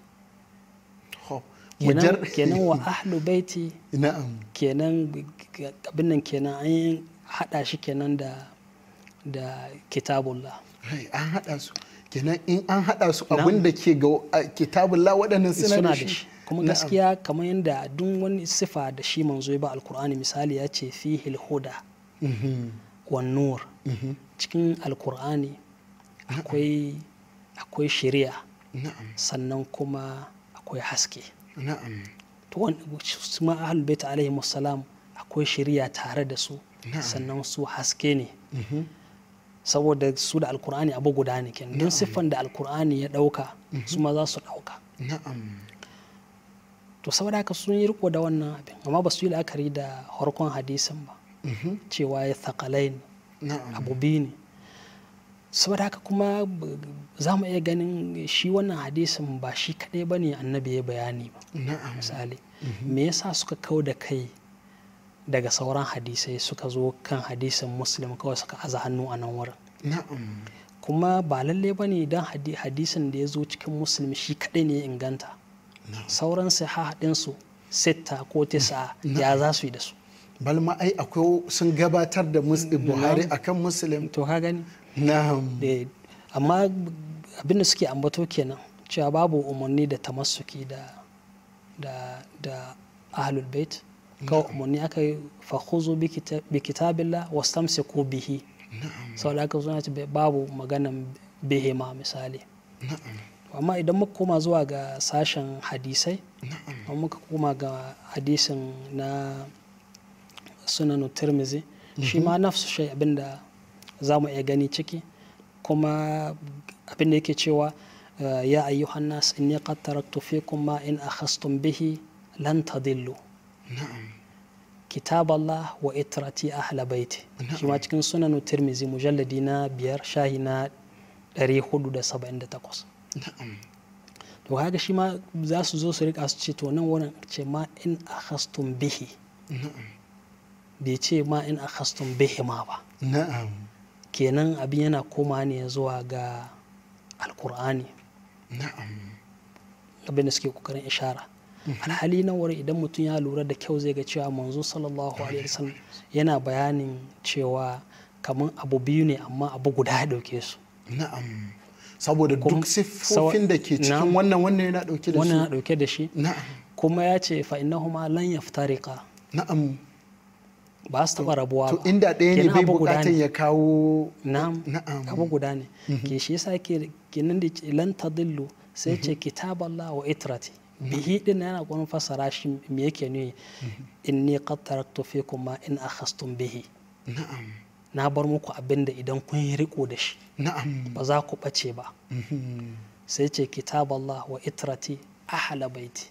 kenan wa ahlu baiti [LAUGHS] kenan abin nan kenan an yi hada shi kenan da kitabun kitabullah an hada su kenan in an hada su abin da ke ga kitabullah waɗannan suna da shi kuma gaskiya kamar yadda duk wani sifa da shi manzo ya ba alkur'ani misali ya ce fi hilhoda mhm. wan nur mhm. cikin alkur'ani akwai akwai shari'a sannan kuma akwai haske to ma ahlul bait alaihi wassalam akwai shari'a tare da su sannan su haske ne mhm. saboda su da alkur'ani abu guda ne kenan don siffan da alkur'ani ya dauka su ma za su dauka to saboda haka sun yi riko da wannan abin amma ba su yi la'akari da harkon hadisin ba mhm. cewa ya thakalai ne abu biyu ne saboda haka kuma za mu iya ganin shi wannan hadisin ba shi kadai ba ne annabi ya bayani ba misali mhm. me yasa suka kau da kai daga sauran hadisai suka zo kan hadisin muslim kawai suka aza hannu a nan wurin kuma ba lallai ba ne don hadisin da ya zo cikin musulmi shi kadai ne ya inganta sauran sahih su sitta ko tisa ya za su yi da su balma ai akwai sun gabatar da buhari akan muslim to ka gani eh, amma abinda suke ambato kenan cewa babu umarni da tamassuki da da da ahlul bait kawai umarni aka yi fahuzu bi kitabillah wastamsi ko bihi sau da aka zo babu maganan bihima misali amma idan muka koma zuwa ga sashen hadisai amma muka koma ga hadisin na sunanu tirmizi shi ma mhm. nafsu shai abinda za mu iya gani ciki kuma abinda yake cewa eh, ya ayi hannas inni qad taraktu fikum ma in akhastum bihi lan tadillu kitab Allah wa itrati ahla baiti shi ma cikin sunan tirmizi mujalladi na biyar shahi na 478 to kaga shi ma za su zo su rika su ce to nan wannan ce ma in akhastum bihi bai ce ma in akhastum bihi ma ba kenan abin yana koma ne zuwa ga alkur'ani na'am abin da suke kokarin ishara mhm. alhali na wurin idan mutum ya lura da kyau zai ga cewa manzo sallallahu alaihi wasallam yana bayanin cewa kamar abu biyu ne amma abu guda ya dauke su saboda duk siffofin da ke cikin wannan wannan yana dauke da shi wannan dauke da shi kuma ya ce fa innahuma lan yaftariqa na'am ba su taba rabuwa ba to inda ɗaya ne bai bukatan ya kawo na'am abu guda ne mhm. ke shi yasa ke kinan da lan tadillu sai mhm. ce kitaballah wa itrati mhm. bihi din yana gwanin fasara shi me yake ne inni qad taraktu fikum ma in akhastum bihi na'am na bar muku abin da idan kun yi riko da shi ba za ku ɓace ba mhm. sai ce kitab Allah wa itrati ahla baiti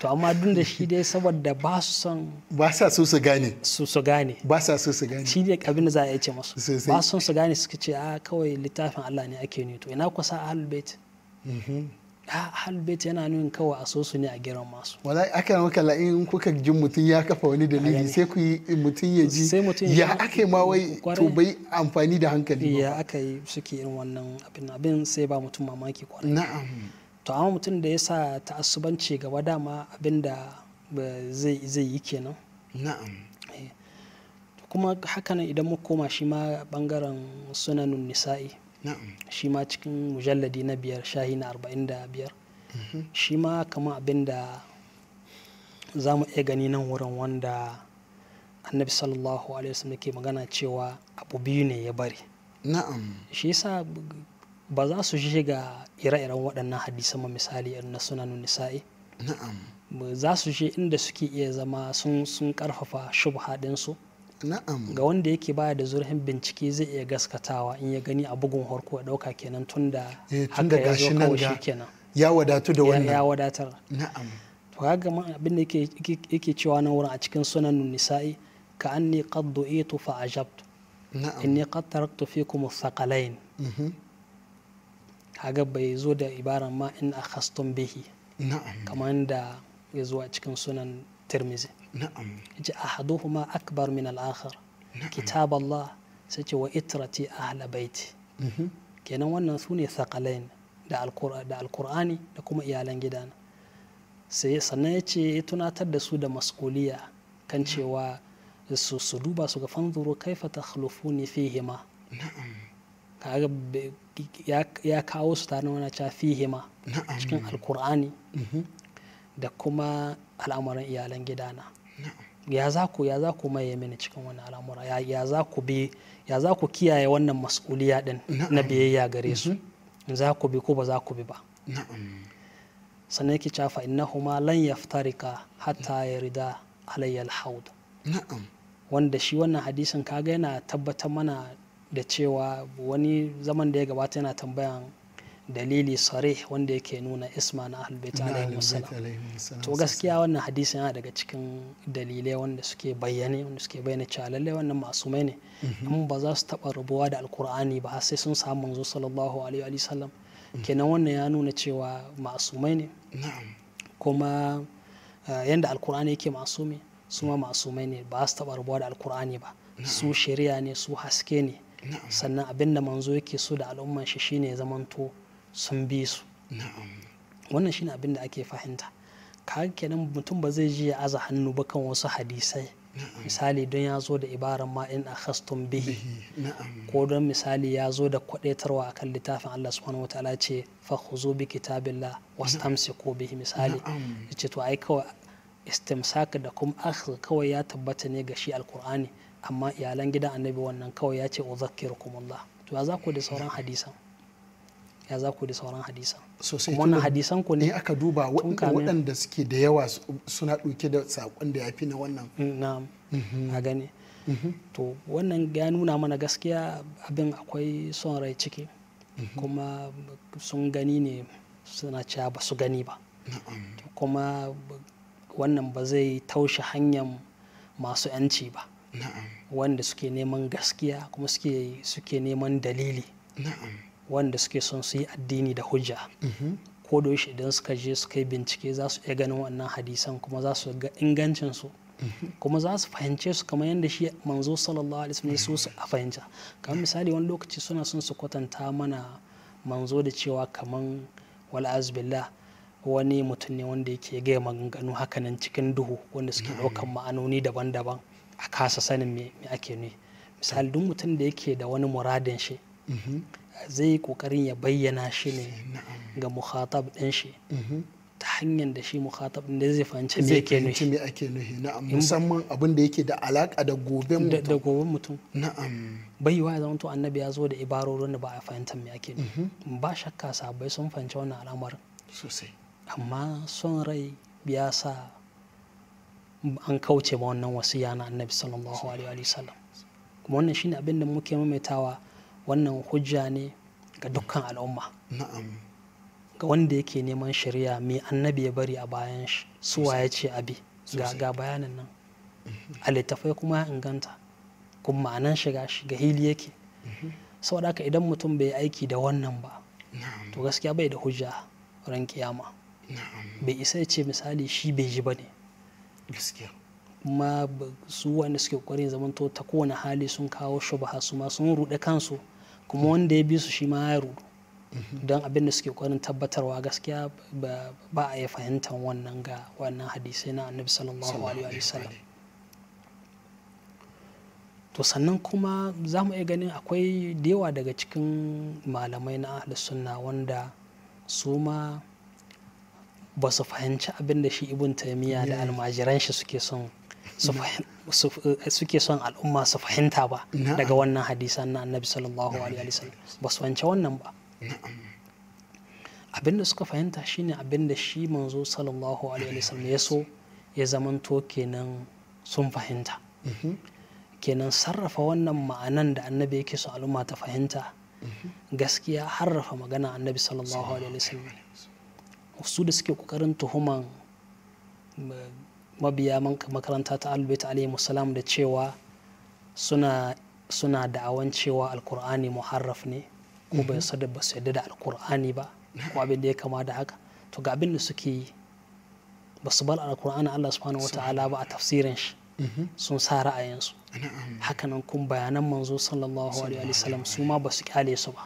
to amma dun da shi dai saboda ba su son ba sa so su gane su su gane ba sa so su gane shi dai abin da za a ce masu ba son su gane suka ce a ah, kawai littafin Allah ne ake ne to ina ku kusa ahlul bait mhm. Ah, ahlul bet yana nuna kawai a so su ne a giran masu wala aka maka la in kuka ji mutum ya kafa wani dalili sai ku yi mutum ya ji ya aka ma wai to bai amfani da hankali ya aka yi suke irin wannan abin abin sai ba mutum mamaki kwarai na'am to amma mutum da ya sa ta'assubanci gaba dama abin da zai zai yi kenan na'am eh. kuma hakanan idan mu koma shi ma bangaren sunanun nisa'i shi ma cikin mujalladi na biyar shahi na arba'in da biyar mhm. shi ma kama abin da za mu iya gani nan wurin wanda annabi sallallahu alaihi wasu ke magana cewa abu biyu ne ya bari na'am shi yasa ba za su shiga ire-iren waɗannan hadisan ma misali na sunan nisa'i na'am za su je inda suke iya zama sun sun karfafa shubha ɗinsu ga wanda yake baya da zurfin bincike zai iya gaskatawa in ya gani a bugun harko a dauka kenan tun da eh, haka ya zo kawai kenan ya wadatu da wannan ya wadatar na'am to ga man abin da yake cewa nan wurin a cikin sunan nisa'i ka anni qad du'itu fa ajabtu na'am inni qad taraktu fikum thaqalain mhm. kaga bai zo da ibaran ma in akhastum bihi na'am kamar da ya zo a cikin sunan tirmizi ahaduhuma akbar min al'akhar kitab Allah sai ce wa itrati ahla baiti mhm. kenan wannan su ne thaqalain da alkur'ani da kuma iyalan gida na. sannan ya ce tunatar da su da maskuliya kan cewa su duba su ga fanzuru kaifa takhlufuni fihima kaga ya kawo su tare wani cha fihima cikin alkur'ani mhm. da kuma al'amuran iyalan gida na. ya za ku ya za ku maye mini cikin wani al'amura ya za ku bi ya za ku kiyaye wannan mas'uliya din na biyayya gare su mhm. za ku bi ko ba za ku bi ba sannan yake cafa innahuma lan yaftarika hatta yarida alayya alhaud wanda shi wannan hadisin kaga yana tabbatar mana da cewa wani zaman da ya gabata yana tambayan dalili sarih wanda yake nuna isma na ahlulbait alaihi wasallam to gaskiya wannan hadisin yana daga cikin dalilai wanda suke bayyane wanda suke bayyana cewa lallai wannan masumai ne mhm. in ba za su taba rubuwa da alkur'ani ba sai sun samu manzo sallallahu alaihi wa sallam kenan wannan ya nuna cewa masumai ne kuma eh, yanda alkur'ani yake masumi su ma masumai ne ba su taba rubuwa da alkur'ani ba su shari'a ne su haske ne sannan abinda manzo yake so da al'umman shi shine zamanto sun bi su wannan shine abin da ake fahimta kaga kenan mutum ba zai ji ya aza hannu ba kan wasu hadisai misali don ya zo da ibaran ma in a akhastum bihi ko don misali ya zo da kwadaitarwa kan littafin Allah subhanahu wataala ce fa khuzu bi kitabillah ko bihi misali yace to ai kawai istimsak da kuma akhir kawai ya tabbata ne ga shi alkur'ani amma iyalan gidan annabi wannan kawai ya ce uzakkirukumullah to ya za ku da sauran hadisan ya za ku da sauran hadisan sosai wannan hadisan ku ne aka duba waɗanda suke da yawa suna ɗauke da saƙon da ya fi na wannan mm, mhm. Na a gane mhm. to wannan ya nuna mana gaskiya abin akwai son rai ciki mhm. kuma sun gani ne suna cewa ba su gani ba kuma wannan ba zai taushe hanyar masu 'yanci ba wanda suke neman gaskiya kuma suke neman dalili wanda suke son su yi addini da hujja mhm. ko da yaushe idan suka je suka yi bincike za su iya ganin wannan hadisan kuma za su ga ingancin su mhm. kuma za su fahimce su kamar yadda shi manzo sallallahu alaihi wasallam su su a fahimta kamar misali wani lokaci suna son su kwatanta mana manzo da cewa kaman wal'az wani mutum ne wanda yake gaya maganganu hakanan cikin duhu wanda suke mhm. ɗaukan ma'anoni daban-daban a kasa sanin me ake ne misali duk mutum da yake da wani muradin shi zai yi kokarin ya bayyana shi ne ga muhatab ɗin shi mhm. ta hanyar da shi muhatab ɗin da zai fahimci me me ake nuhi. na'am musamman abin da yake da alaka da goben mutum da goben mutum na'am baiwa ya zama to annabi ya zo da ibarorin da ba a fahimtar me ake nuhi. Mhm. ba shakka sabai sun fahimci wannan alamar. sosai amma son rai ya sa an kauce ma wannan wasiya na annabi sallallahu alaihi wa sallam kuma wannan shine abin da muke maimaitawa wannan hujja ne ga dukkan al'umma ga wanda yake neman shari'a mai annabi ya bari a bayan suwa ya ce abi ga bayanin nan mhm. a littafai kuma ya inganta kuma ma'anan shiga shi ga hili yake mhm. saboda haka idan mutum bai aiki da wannan ba to gaskiya bai da hujja ran kiyama bai isa ya ce misali shi bai ji ba ne kuma su wanda suke kwarin zamanto ta kowane hali sun kawo shubaha su ma sun ruɗe kansu kuma wanda ya bi su shi ma ya rudu don abin da suke ƙoƙarin tabbatarwa gaskiya ba a yi fahimtar wannan ga wannan hadisai na annabi sallallahu alaihi wa sallam to sannan kuma za mu iya ganin akwai da yawa daga cikin malamai na ahlus sunna wanda su ma ba su fahimci abin da shi ibn taimiyya da almajiran shi suke son Eh, suke son al'umma su fahimta ba daga wannan hadisan na annabi sallallahu alaihi wasallam ba su fahimci wannan ba abinda suka fahimta shine abinda shi manzo sallallahu alaihi wasallam ya so ya zamanto kenan sun fahimta mm-hmm. kenan sarrafa wannan ma'anan da annabi yake so al'umma ta fahimta mm-hmm. gaskiya harrafa magana annabi sallallahu alaihi wasallam su da suke kokarin tuhuman eh, mabiya makaranta ta alubait alaihi musalam da cewa suna suna da'awan cewa alkur'ani muharraf ne ko bai mhm. sadar ba su yadda da alkur'ani ba ko abin da ya kama da haka to ga abin da suke yi ba su bar alkur'ani Allah subhanahu ta'ala ba a tafsirin shi mhm. sun sa ra'ayinsu hakanan kun bayanan manzo sallallahu alaihi wasallam su ma ba su kyale su ba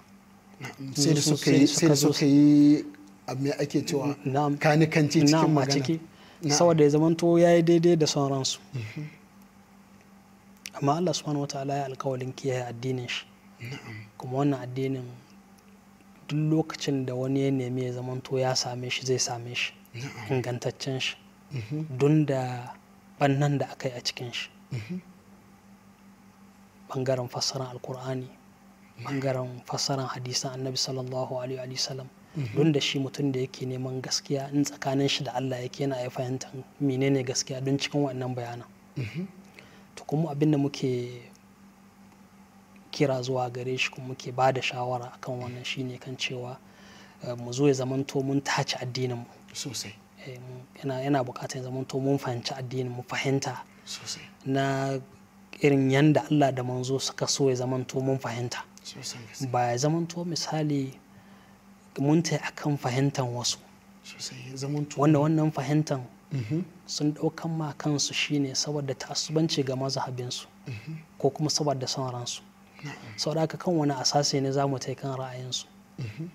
sai da suka yi ake cewa kanikanci cikin magana saboda ya zamanto ya yi daidai da sauransu mhm. amma Allah subhanahu wataala ya alkawalin kiyaye addinin shi kuma wannan addinin duk lokacin da wani ya nemi ya zamanto ya same shi zai same shi ingantaccen shi mhm. don da bannan da aka yi a cikin shi mhm. bangaren fassarar alkur'ani bangaren fassarar hadisan annabi sallallahu alaihi wasallam don da shi mutum da yake neman gaskiya in tsakanin shi da Allah yake yana ya Mene menene gaskiya don cikin wannan bayanan mhm. to kuma abinda muke kira zuwa gare shi kuma muke ba da shawara akan wannan shine kan cewa eh, mu zo ya zamanto mun tace addinin eh, mu sosai yana yana bukatar ya zamanto mun fahimci addinin mu fahimta sosai na irin yanda Allah da manzo suka so ya zamanto mun fahimta ba ya zamanto misali a akan fahimtar wasu wanda wannan fahimtar mhm. sun ɗaukan ma kansu shine saboda tasubanci ga mazhabinsu mhm. ko kuma saboda son ransu saboda haka kan wani asasi ne za mu tai kan ra'ayinsu mhm.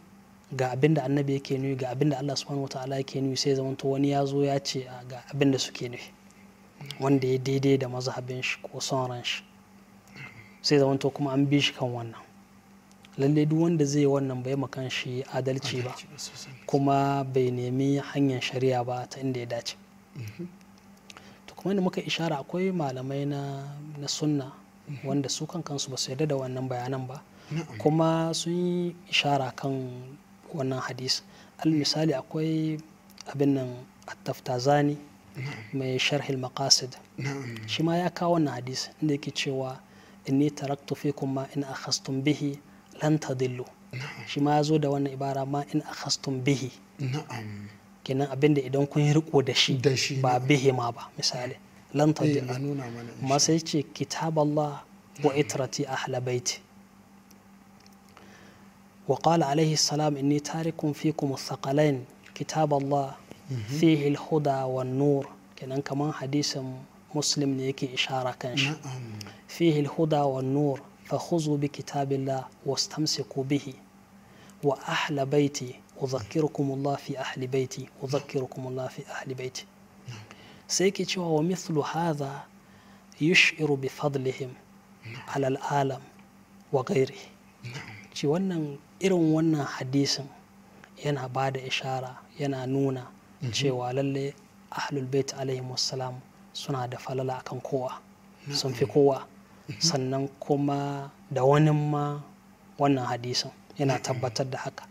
ga abin da annabi yake nuyi ga abin da Allah subhanahu ta'ala yake nuyi sai zamanto wani ya zo ya ce ga abin da suke nuyi wanda ya daidai da mazhabin shi ko son ran shi sai zamanto kuma an bi shi kan wannan lallai duk wanda zai wannan bai makan shi adalci ba kuma bai nemi hanyar shari'a ba ta inda ya dace mhm. to kuma inda muka ishara akwai malamai na sunna mhm. wanda su kan kansu ba su yarda da wannan bayanan ba kuma sun yi ishara kan wannan hadis al mhm. misali akwai abin nan attaftazani mai sharhil maqasid shi ma ya kawo wannan hadis inda yake cewa inni taraktu fikum ma in akhastum bihi lan tadillu shi ma ya zo da wannan ibara ma in akhastum bihi na'am kenan abinda idan kun yi riko da shi ba bihi ma ba misali lan eh, tadillu amma sai ce kitab Allah wa itrati ahla baiti wa qala alaihi salam inni tarikum fikum thaqalain kitab Allah mhm. fihi al-huda wan nur kenan kaman hadisin muslim ne yake ishara kan shi fihi al-huda wan nur فخذوا بكتاب الله واستمسكوا به وأحل بيتي أذكركم الله في أهل بيتي أذكركم الله في أهل بيتي سيكي تشوى ومثل هذا يشعر بفضلهم على العالم وغيره ci wannan irin wannan hadisin yana ba da ishara yana nuna cewa lalle ahlul bait alaihi suna da falala akan kowa sun fi kowa sannan kuma da wani ma wannan hadisin yana tabbatar da haka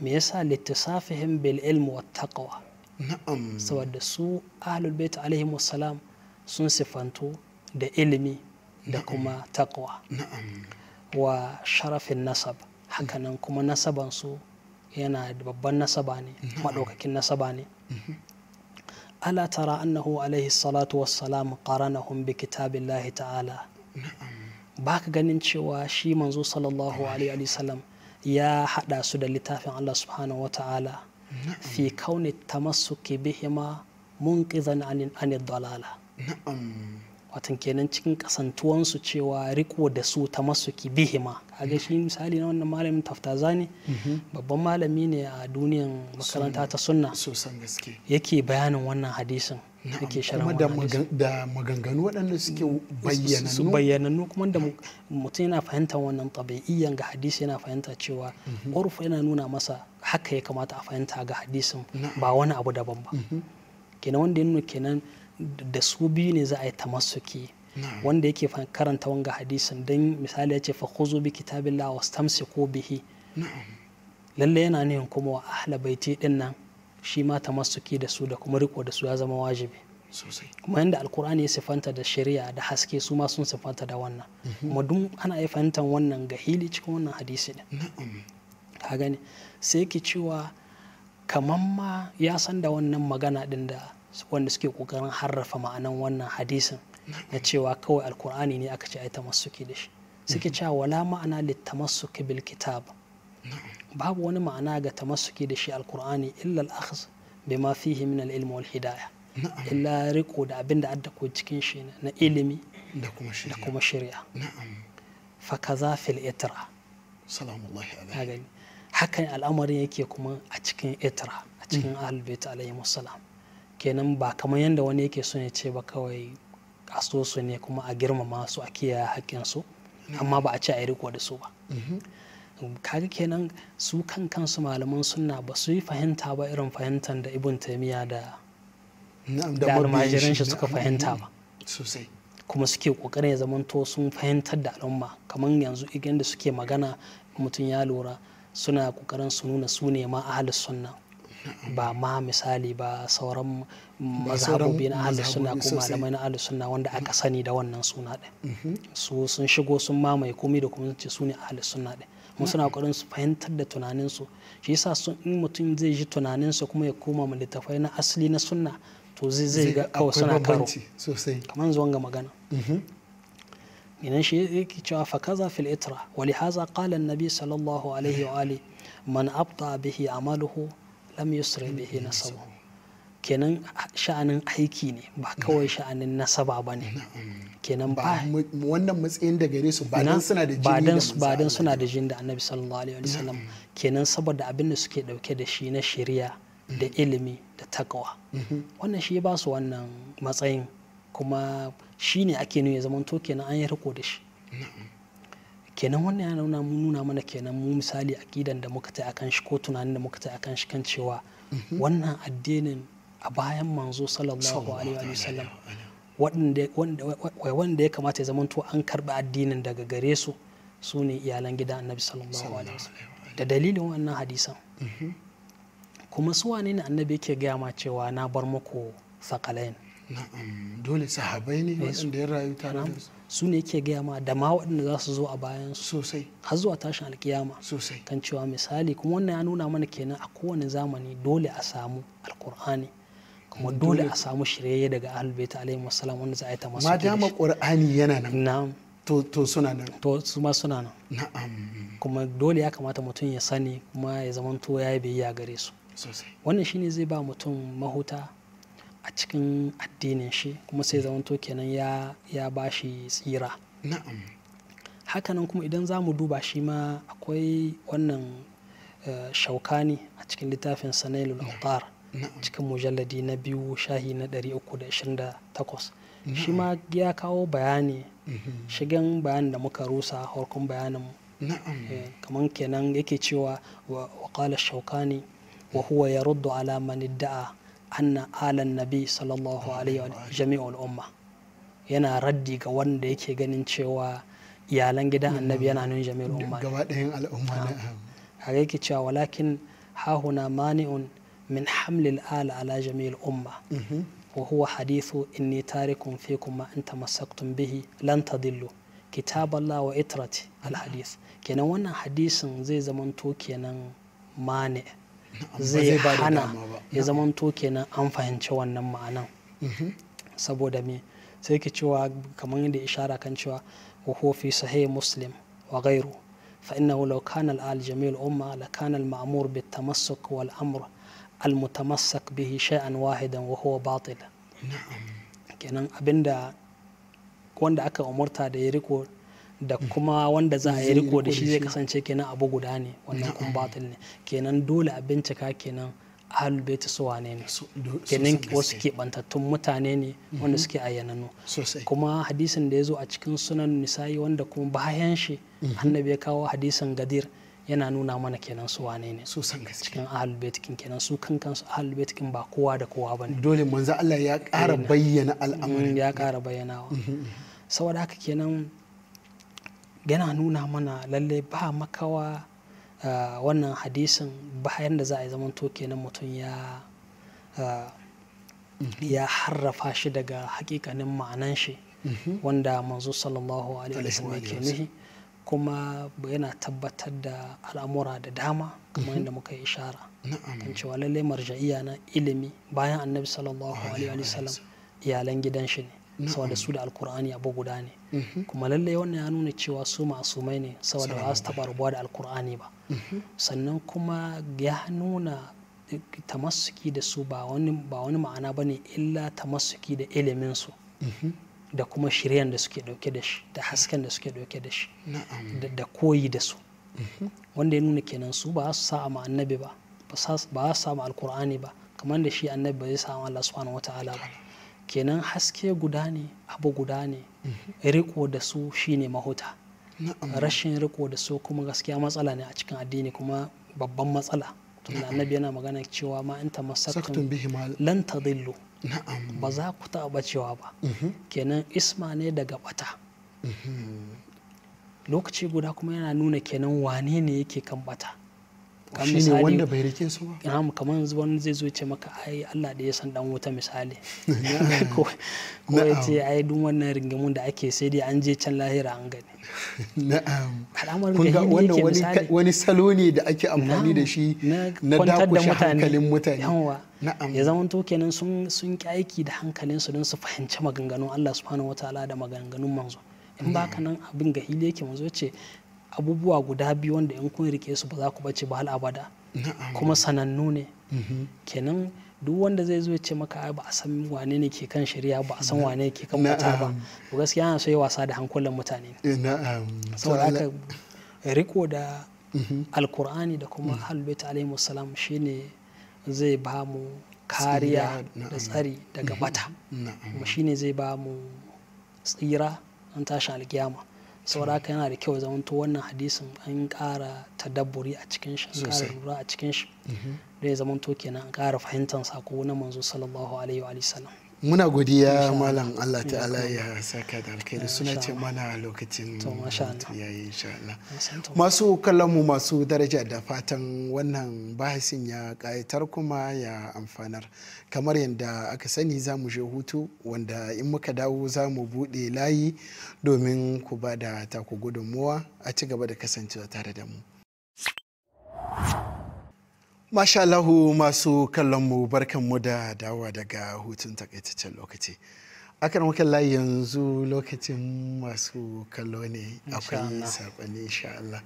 me yasa littisafihim bil ilmi wa taqwa na'am saboda su ahlul bait alaihi wassalam sun sifantu da ilimi da kuma taqwa na'am wa sharafin nasab hakanan kuma nasabansu yana da babban nasaba ne madaukakin nasaba ne ala tara annahu alaihi salatu wassalam qaranahum bi kitabillahi ta'ala ba ka ganin cewa shi manzo sallallahu alaihi sallam ya hada su da littafin Allah subhanahu wata'ala fi kauni tamassuki bihima anil anid dalala na'am watan kenan cikin kasantuwan su cewa riko da su ta bihima kaga shi misali na wannan malamin taftazani mhm. babban malami ne a duniyar makaranta ta sunna yake bayanin wannan hadisin yake da maganganu waɗanda suke bayyana su nu kuma da mutum yana fahimtar wannan tabi'iyyan ga hadisi yana fahimta cewa mhm. urfu yana nuna masa haka ya kamata a fahimta ga hadisin ba wani abu daban ba mhm. kenan wanda ya kenan da su biyu ne za a yi tamassuki wanda yake karanta wanga hadisin dan misali ya ce fa khuzu bi kitabillahi wastamsiku bihi lalle yana nihin kuma wa ahla baiti din shi ma ta tamassuki da su da kuma riko da su ya zama wajibi kuma yadda alkur'ani ya siffanta da shari'a da haske su ma sun sifanta da wannan mhm. kuma duk ana iya fahimtar wannan ga hili cikin wannan hadisi ne. ka gani sai ki cewa kamar ma ya san da wannan magana din da wanda suke kokarin harrafa ma'anan wannan hadisin na cewa kawai alkur'ani ne aka ce ai tamassuki da shi suke mhm. cewa wala ma'ana littamassuki bil kitab babu wani ma'ana ga tamassuki da shi alkur'ani illa al-akhz bima fihi min al-ilm wal hidayah illa riko da abin da adda cikin shi na ilimi da kuma shari'a na'am fa kaza fil itra salamullahi alaihi hakan al'amarin yake kuma a cikin itra a cikin mm. ahlul bait alaihi wassalam kenan ba kamar yanda wani yake so ya ce ba kawai a su ne kuma a girmama su a kiyaye hakkin su amma ba a ce a yi riko da su ba mm-hmm. Um, kaga kenan su kan kansu malaman sunna ba su yi fahimta ba irin fahimtar da ibn taimiyya da da almajiran shi suka fahimta ba kuma suke kokarin ya zamanto sun fahimtar da al'umma kamar yanzu igin da suke magana mutum ya lura suna kokarin su nuna su ne ma ahlus sunna ba ma misali ba sauran mazhabobi na ahlus sunna ko malamai na ahlus sunna wanda aka mm. sani da wannan suna din mm-hmm. su sun shigo sun mamaye komai da kuma ce su ne ahlus sunna din kuma suna ƙoƙarin su fahimtar da tunaninsu shi yasa sun in mutum zai ji tunaninsu kuma ya koma mu littafai na asali na sunna to zai zai ga kawai suna karo kamar zuwan ga magana mhm. idan shi yake cewa fa kaza fil itra wa li haza qala an-nabi sallallahu alaihi wa alihi man abta bihi amaluhu lam yusri bihi nasabu kenan sha'anin aiki ne ba kawai sha'anin nasaba ba ne kenan ba wannan matsayin da gare su ba dan suna da jin ba dan suna da jini da annabi sallallahu alaihi wasallam kenan saboda abin da suke dauke da shi na shari'a da mm-hmm. ilimi da takawa mm-hmm. wannan shi ya ba su wannan matsayin kuma shi ne ake nuna zaman to kenan an yi riko da shi kenan wannan ya nuna nuna mana kenan mu misali akidan da muka ta akan shi ko tunanin da muka ta akan shi kan cewa mm-hmm. wannan addinin a bayan manzo sallallahu alaihi wa sallam wanda ya kamata ya zamanto an karɓi addinin daga gare su su ne iyalan gida annabi sallallahu alaihi wa sallam da dalilin wannan hadisan mhm. kuma su wane ne annabi yake gaya ma cewa na bar muku sakalain dole sahabai ne eh, wanda ya rayu tare da su su ne yake gaya ma da ma waɗanda za su zo a bayan sosai har zuwa tashin alkiyama sosai kan cewa misali kuma wannan ya nuna mana kenan a kowane zamani dole a samu alkur'ani kuma dole a samu shirye daga ahlul bait alaihi wasallam wanda za a yi ta masu ma dama qur'ani yana nan to suna nan to su ma suna nan na'am kuma dole ya kamata mutum ya sani kuma ya zamanto ya yi biyayya gare su wannan shine zai ba mutum mahuta a cikin addinin shi kuma sai zamanto kenan ya ya bashi tsira na'am hakanan kuma idan zamu duba shi ma akwai wannan eh, ne a cikin littafin sanailul autar cikin mujalladi na biyu shahi na 328 shi ma ya kawo bayani mhm. shigen bayanin da muka rusa harkun bayanin eh, kamar kenan yake cewa wa qala shaukani wa huwa yaruddu ala man da'a anna alan nabi sallallahu alaihi wa jami'ul umma yana raddi ga wanda yake ganin cewa iyalan gidan annabi yana nan jami'ul umma gaba al'umma ne yake cewa walakin hahuna mani'un من حمل الآل على جميع الأمة وهو حديث إني تارك فيكم ما أنت مسكتم به لن تضلوا كتاب الله وإطرتي الحديث كنا وانا حديث زي زمان توكي مانع نعم، زي حنا زمان توكي نان أنفهن شوان نم معنا سبو دمي سيك شوا كمان دي إشارة كان شوا وهو في صحيح مسلم وغيره فإنه لو كان الآل جميل أمة لكان المأمور بالتمسك والأمر almutamassak bihi sha'an wahidan wa huwa batil kenan abinda wanda aka umurta da ya riko da kuma wanda za a yi riko da shi zai kasance kenan abu guda ne wannan kun batil ne kenan dole a bincika kenan ahalul baiti su wane ne kenan wasu keɓantattun mutane ne wanda suke ayyananu kuma hadisin da ya zo a cikin sunan nisa'i wanda kuma bayan shi annabi ya kawo hadisin gadir yana nuna mana kenan su wane ne su san cikin ahlul kenan su kankan su ahlul ba kowa da kowa ba ne dole manzo Allah ya ƙara bayyana mm, al'amarin ya ƙara bayyanawa mm-hmm, mm-hmm. saboda haka kenan yana nuna mana lalle ba makawa ah, wannan hadisin bayan da za a yi zamanto kenan mutum ya ah, mm-hmm. ya harrafa shi daga hakikanin ma'anan shi wanda manzo sallallahu alaihi wasallam ke nufi kuma yana tabbatar da al'amura da dama kamar mhm. yadda muka yi ishara kan cewa lallai marja'iya na ilimi bayan annabi sallallahu alaihi wa sallam iyalan gidan shi ne saboda su da alkur'ani abu guda ne mhm. kuma lallai wannan ya nuna cewa su masumai ne saboda ba su taɓa rabuwa da alkur'ani ba mhm. sannan kuma ya nuna tamassuki da su ba wani ma'ana ba ne illa tamassuki da ilimin su da kuma shiryan da suke dauke da shi da hasken da suke dauke da shi da koyi da su mhm. wanda ya nuna kenan su ba su sa'a ma annabi ba ba su sa'a ma alkur'ani ba kamar da shi annabi ba zai sa Allah subhanahu wata'ala ba kenan haske guda ne abu guda ne mhm. riko da su shine mahota rashin riko da su kuma gaskiya matsala ne a cikin addini kuma babban matsala tunda annabi yana magana cewa ma in tamassaktum lan tadillu ba za ku taɓa bacewa ba mhm. kenan isma ne daga bata mhm. lokaci guda kuma yana nuna kenan wane ne yake kan bata shi ne wanda bai rike su ba yana kamar yanzu wani zai zo ce maka ai Allah da ya san dan wuta misali [LAUGHS] ko ya ce ai duk wannan ringimun da ake sai dai an je can lahira an gani [LAUGHS] na'am kun ga wani salo ne da ake amfani da shi na dakushe hankalin mutane ya zama to kenan sun sun aiki da hankalin su don su fahimci maganganun Allah subhanahu wataala da maganganun manzo in ba nan abin ga hili yake manzo ce abubuwa guda biyu wanda in kun rike su ba za ku bace ba hal abada kuma sanannu ne mm-hmm. kenan duk wanda zai zo ce maka ba a san wane ne ke kan shari'a ba a san wane ke kan mata ba to gaskiya ana so yi wasa da hankulan mutane eh, saboda haka riko da mm-hmm. alkur'ani da kuma mm. halbeta alaihi salam shine zai ba mu kariya da tsari daga mhm. bata kuma shine zai ba mu tsira an tashi alkiyama saboda haka yana da kyau to wannan hadisin an kara tadabburi a cikin shi an kara lura a cikin shi mhm. da ya zamanto kenan an kara fahimtar sako na manzo sallallahu alaihi wa sallam muna godiya malam Allah ta'ala ya saka da alkhairi suna ce mana lokacin yayi insha Allah masu kallonmu masu daraja da fatan wannan bahasin ya kayatar kuma ya amfanar kamar yadda aka sani za mu je hutu wanda in muka dawo za mu buɗe layi domin ku ba da taku gudunmuwa a ci gaba da kasancewa tare da mu. Masha Allahu masu kallonmu mu da dawa daga hutun takaitaccen lokaci. akan wakan layi yanzu lokacin masu kallo ne akwai Allah.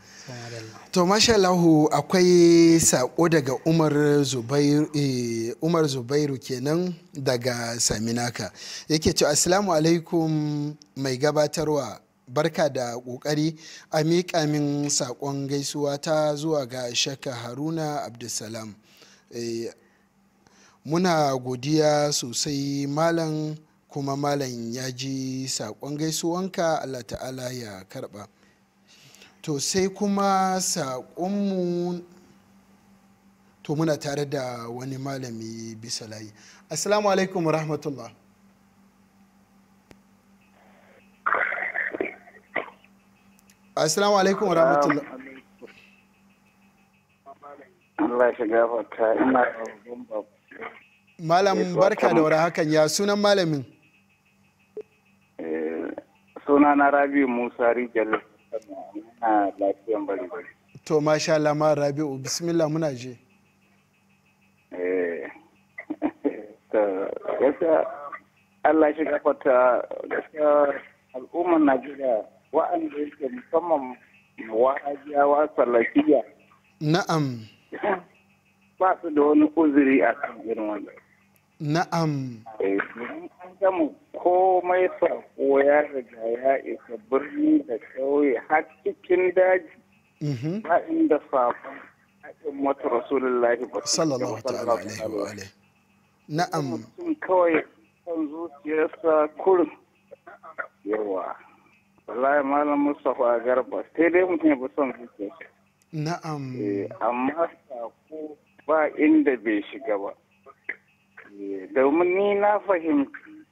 To masha Allahu akwai saƙo daga Umar Zubairu eh, kenan daga Saminaka. Yake ce asalamu alaikum mai gabatarwa barka da kokari a miƙa min saƙon gaisuwa ta zuwa ga shaka haruna abdulsalam eh, muna godiya sosai malam kuma malam ya ji saƙon gaisuwanka allah ta'ala ya karɓa to sai kuma saƙonmu to muna tare da wani malami bisa layi assalamu alaikum rahmatullah assalamu alaikum wa rahmatullah Allah shi gafarta ina Malam barka da wara hakan ya sunan malamin eh, suna na Rabi'u Musa Rijal na lafiyan bari bari to masha Allah ma Rabi'u bismillah muna je eh [LAUGHS] ta, Allah shi gafarta gaskiya al'ummar Najeriya wa'anda yake musamman wahajiyawa salafiya na'am ba su da wani uzuri a kan girman na'am eh, an gama komai sako ya riga ya isa birni da ƙauye har cikin daji mhm. ba inda sakon haɗin mata rasulullahi ba sallallahu alaihi wa na'am kawai kan zuciyarsa kurin yawa wallahi malam mustapha garba sai dai mutum ya fi son zuciya na'am eh, amma sako ba inda bai shiga ba eh, domin ni na fahimci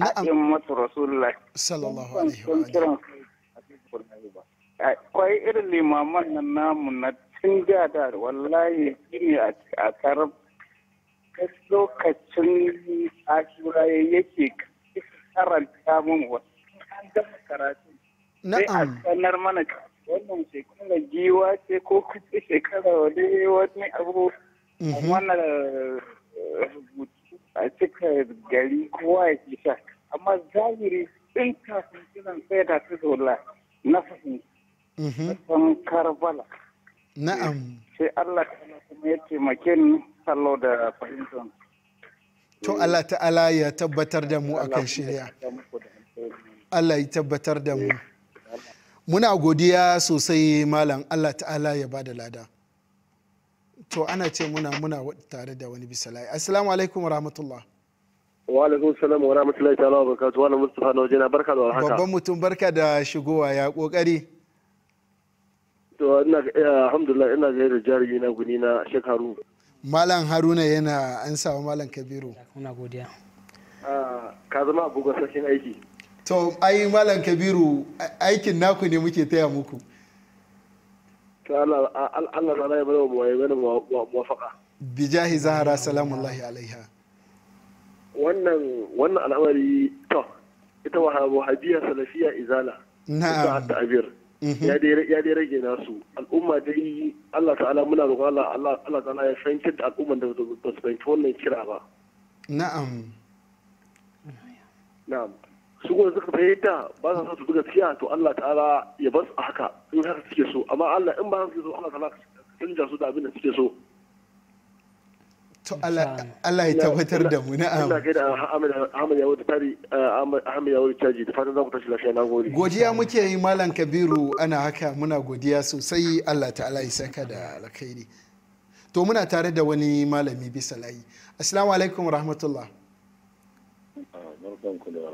na'am in masu rasulullah sallallahu alaihi wa kwai irin limaman nan namu na tun da da wallahi shine a karab lokacin ashura yake karanta mun wasu an gama karatu sai a sanar mana wannan shekara giwa ce ko kuce shekara wani wani abu wannan mhm. eh, a cika gari kowa ya ke sha amma zahiri in kafin kiran sai da ta zola na fahimci mhm. karbala na'am sai Allah kuma ya taimake ni da fahimtar to Allah ta'ala ya tabbatar da mu akan shirya Allah ya tabbatar da mu muna godiya sosai malam Allah ta'ala ya ba da lada to ana ce muna muna tare da wani bisalai assalamu alaikum wa rahmatullah wa alaikum salam wa rahmatullahi ta'ala wa barakatuh wa mustafa na wajena barka da warhaka babban mutum barka da shigowa ya kokari to ina eh, alhamdulillah ina ga da jari na guni na shekaru malam haruna yana an sawa malam kabiru muna godiya ah, ka zama agogon sashen aiki to ai malam kabiru aikin naku ne muke taya muku Allah Allah ya bada wa yana muwafaka bijahi zahara salamullahi alaiha wannan wannan al'amari to ita wa wahabiyya salafiya izala na ta abir mhm. ya dai ya dai rage nasu al'umma dai Allah ta'ala muna roƙon Allah Allah Allah ta'ala ya fahimtar da al'umma da ba su fahimci wannan kira ba na'am na'am su kuma suka fahimta ba sa su buga tsiya to Allah ta'ala ya bar a haka in haka suke so amma Allah in ba suke so Allah ta'ala canja su da abin da suke so to Allah ya tabbatar da mu na'am Allah gaida Ahmad Yawo tari eh, Ahmad Yawo caji da fatan za ku tashi lafiya nagode godiya muke yi malam Kabiru ana haka muna godiya sosai Allah ta'ala ya saka da alkhairi to muna tare da wani malami bisa layi assalamu alaikum rahmatullah ah, barkanku da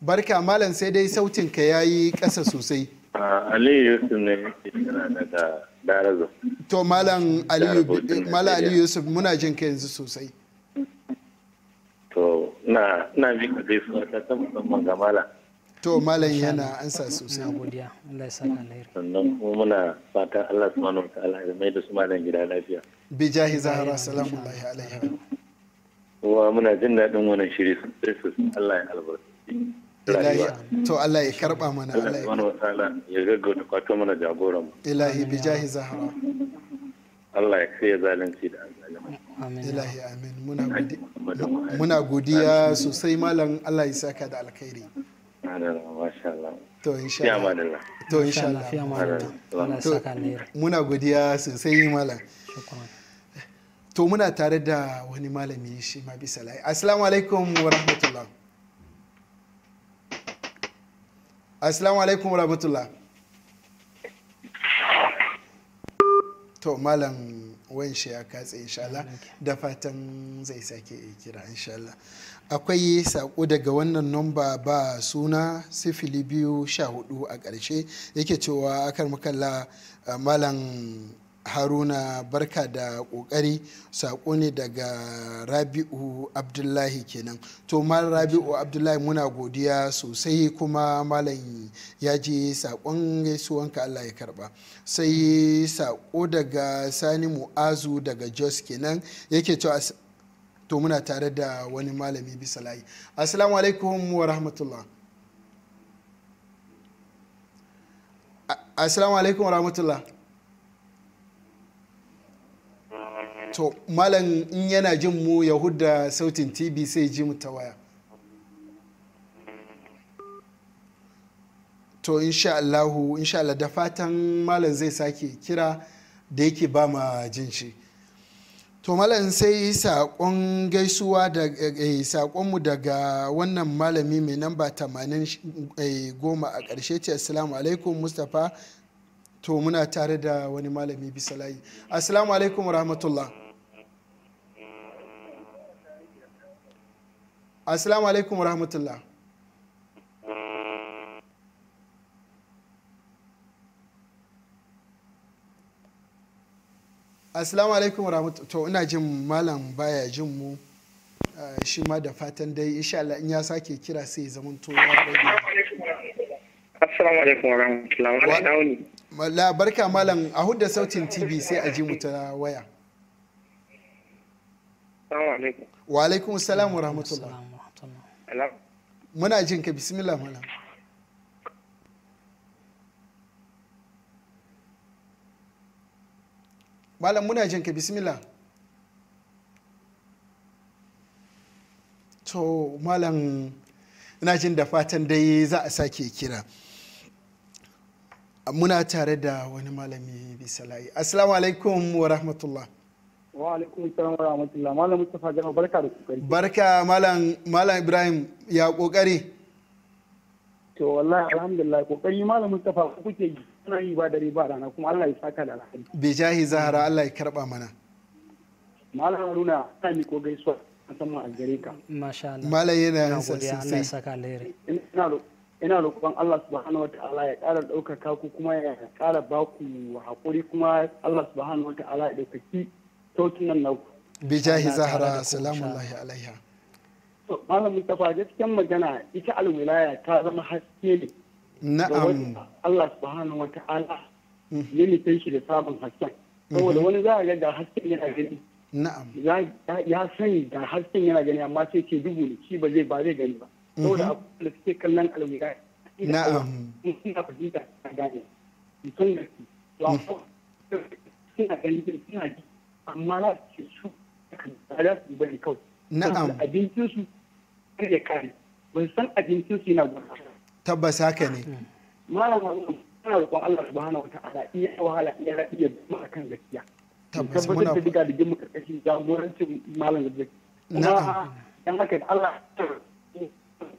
barka malam sai dai sautin ka yayi ƙasa sosai aliyu yusuf ne daga to malam eh, aliyu yusuf muna jin ka yanzu sosai to na na bi ka dai ta ta musamman ga malam to malam yana ansa sosai na godiya Allah ya saka alheri sannan kuma muna fatan Allah subhanahu wa ta'ala ya mai da su malam gida lafiya bi jahi zahara salamu alaihi wa muna jin daɗin wannan shiri sosai sosai Allah ya albarka ilahi to Allah ya karba mana Allah ya gaggauta kwato mana jagoran mu ilahi bi jahi zahara Allah ya kai zalunci da amin ilahi amin muna godiya sosai malam Allah ya saka da alkhairi to insha Allah to insha Allah to muna godiya sosai malam to muna tare da wani malami shi ma bisa lai assalamu alaikum wa rahmatullah assalamu alaikum rahmatullah to malam wanshi shi ya katse inshallah da fatan zai sake kira inshallah akwai sako daga wannan nomba ba suna sifili biyu sha hudu a ƙarshe yake cewa akar makalla malam haruna barka da kokari sako ne daga rabi'u abdullahi kenan to mal rabi'u abdullahi muna godiya sosai kuma malam ya je sakon gaisuwanka allah ya karba sai sako daga sani mu'azu daga jos kenan yake to to muna tare da wani malami bisa layi assalamu alaikum wa rahmatullah assalamu alaikum wa rahmatullah to malam in yana jin mu ya hudda sautin tv sai ji mu ta waya to insha Allahu insha Allah da fatan malam zai sake kira da yake ba ma jin shi to malam sai saƙon gaisuwa da eh, eh, saƙonmu daga wannan malami mai namba 80 eh, goma a ƙarshe ce assalamu alaikum mustapha to muna tare da wani malami bisa layi assalamu alaikum wa rahmatullah assalamu alaikum wa rahmatullah assalamu alaikum wa rahmatullah to ina jin malam baya jin mu shi ma da fatan dai insha Allah in ya sake kira sai zamanto ya rage assalamu alaikum wa rahmatullah wa dauni barka malam a hudda sautin tv sai a ji mu ta waya wa alaikum salam wa rahmatullah muna jin ka bismillah malam malam muna jin ka bismillah to malam ina jin da fatan dai za a sake kira muna tare da wani malami bisalayi assalamu alaikum wa rahmatullah wa alaikum salam wa rahmatullah malam mustafa jama'a barka da kokari barka malam malam ibrahim ya kokari to wallahi alhamdulillah kokari malam mustapha ku kuke yi suna yi ba dare ba rana kuma Allah ya saka da alheri bi jahi zahara Allah ya karba mana malam haruna ina mi ko gaisuwa musamman a gare ka masha Allah malam yana sosai Allah ya ina roƙon Allah subhanahu wata'ala ya ƙara ɗaukaka ku kuma ya ƙara ba ku haƙuri kuma Allah subhanahu wata'ala ya ɗaukaki sautin nan na ku. Bijahi Zahra salamu alaihi alaiha. To Malam Mustapha gaskiyan magana ita alwilaya ta zama haske ne. Na'am. Allah subhanahu wata'ala hmm. ya nufin shi da sabon hasken. Hmm. Saboda wani za a ga da hasken yana gani. Na'am. Ya sani da hasken yana gani amma sai ke dubu da shi ba zai ba zai gani ba. saboda mhm. abu da suke kallon alwira na'am ina fahimta a gane mutum da su to a suna ganin suna ji amma za su ce su za su bari kawai na'am abincin su kare kare ban san abincin su yana gwamnati tabbas haka ne mhm. malam ana roƙon Allah subhanahu wata'ala iya wahala iya rafiya mu akan gaskiya tabbas muna da diga digin mu karkashin jagorancin malam gaskiya na'am dan haka Allah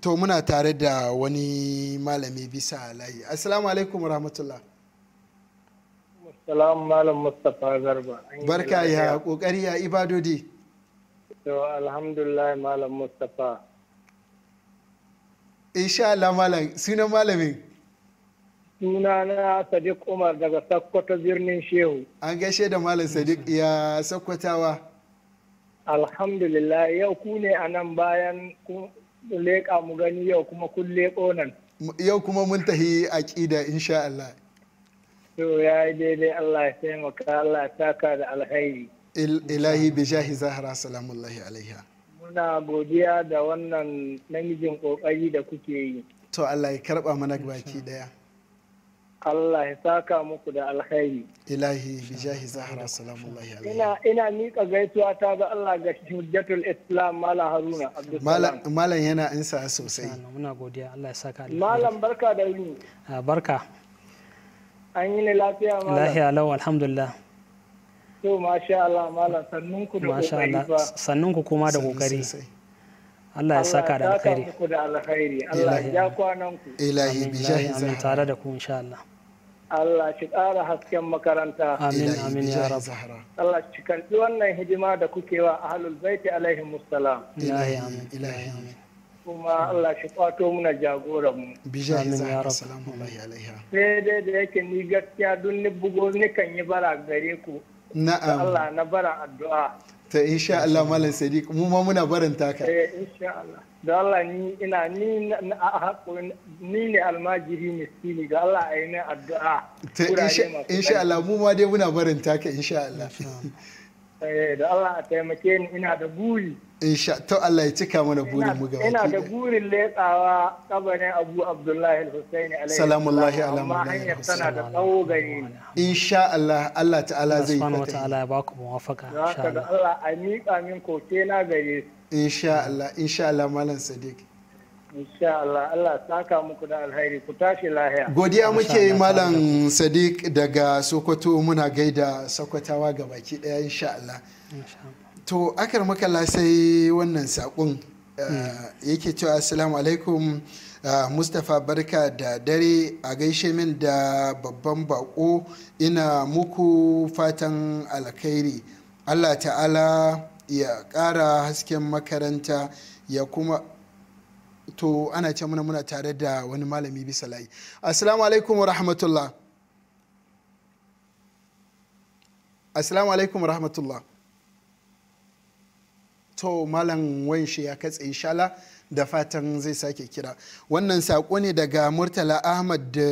to muna tare da wani malami bisa layi assalamu alaikum rahmatullah salam malam mustapha garba barka ya kokari ya ibadodi to alhamdulillah malam mustapha insha Allah malam sunan malamin suna na sadiq umar daga sakkwato birnin shehu an gaishe da malam sadiq ya sakkwatawa alhamdulillah yau ku ne a nan bayan leƙa mu gani yau kuma kun leƙo nan. Yau kuma mun tahi aƙida insha Allah. To ya yi daidai Allah ya taimaka Allah ka da alhairi. Ilahi bi jahi zahara salamullahi alaiha. Muna godiya da wannan namijin ƙoƙari da kuke yi. To Allah ya karɓa mana baki ɗaya. Allah ya saka muku da alkhairi. Ilahi bijahi zahra salamullahi alaihi. Ina ina mika gaisuwa ta ga Allah ga Hujjatul Islam Malam Haruna Malam Malam yana insa sosai. Muna godiya Allah ya saka alkhairi. Malam barka da yi. Ah, barka. An yi ni lafiya malam. Lafiya lau alhamdulillah. To masha Allah malam sannun ku da kokari ba. Sannun ku kuma da kokari. Allah ya saka da alkhairi. Allah ya saka da alkhairi. Allah ya kwanan ku. Ilahi bijahi zahra. Tare da ku insha Allah. Allah shi ƙara hasken makaranta. Amin amin ya rabu. Allah shi karɓi wannan hidima da kuke wa ahlul baiti alaihi musallam. Ilahi amin ilahi amin. Kuma Allah shi kwato muna jagoran mu. Bija amin ya rabu. Salamu alaihi Sai dai da yake ni gaskiya dun ni bugo ni kan yi bara gare ku. Na'am. Allah na bara addu'a. Ta insha Allah Malam Sadiq mu ma muna barin taka. Eh insha Allah. da Allah ni ina ni ni ne almajiri miskini da Allah a yi min addu'a insha Allah mu ma dai muna barin taka insha Allah [LAUGHS] eh, da Allah a taimake ni ina da buri insha to Allah ya cika mana burin mu gaba ina da burin letsawa kabarin Abu Abdullahi Al-Husaini alaihi salamu alaihi alamu amma hanyar tana da tsawo gare ni insha Allah Allah ta'ala zai yi fata Allah ya baku muwafaqa insha Allah Allah a miƙa min koke na gare su insha Allah malam Sadiq insha Allah Allah saka muku da alhairi ku tashi lahiya godiya muke malam Sadiq daga Sokoto muna gaida Sokotawa baki daya insha Allah to akar makalla sai wannan sakon eh, hmm. yake cewa assalamu alaikum eh, mustapha barka da dare a gaishe min da babban bako ina muku fatan alkhairi allah ta'ala ya ƙara hasken makaranta ya kuma to ana ce muna muna tare da wani malami bisa layi assalamu alaikum wa rahmatullah assalamu alaikum wa rahmatullah to malam wanshi ya katse inshallah da fatan zai sake kira wannan saƙo ne daga murtala ahmad da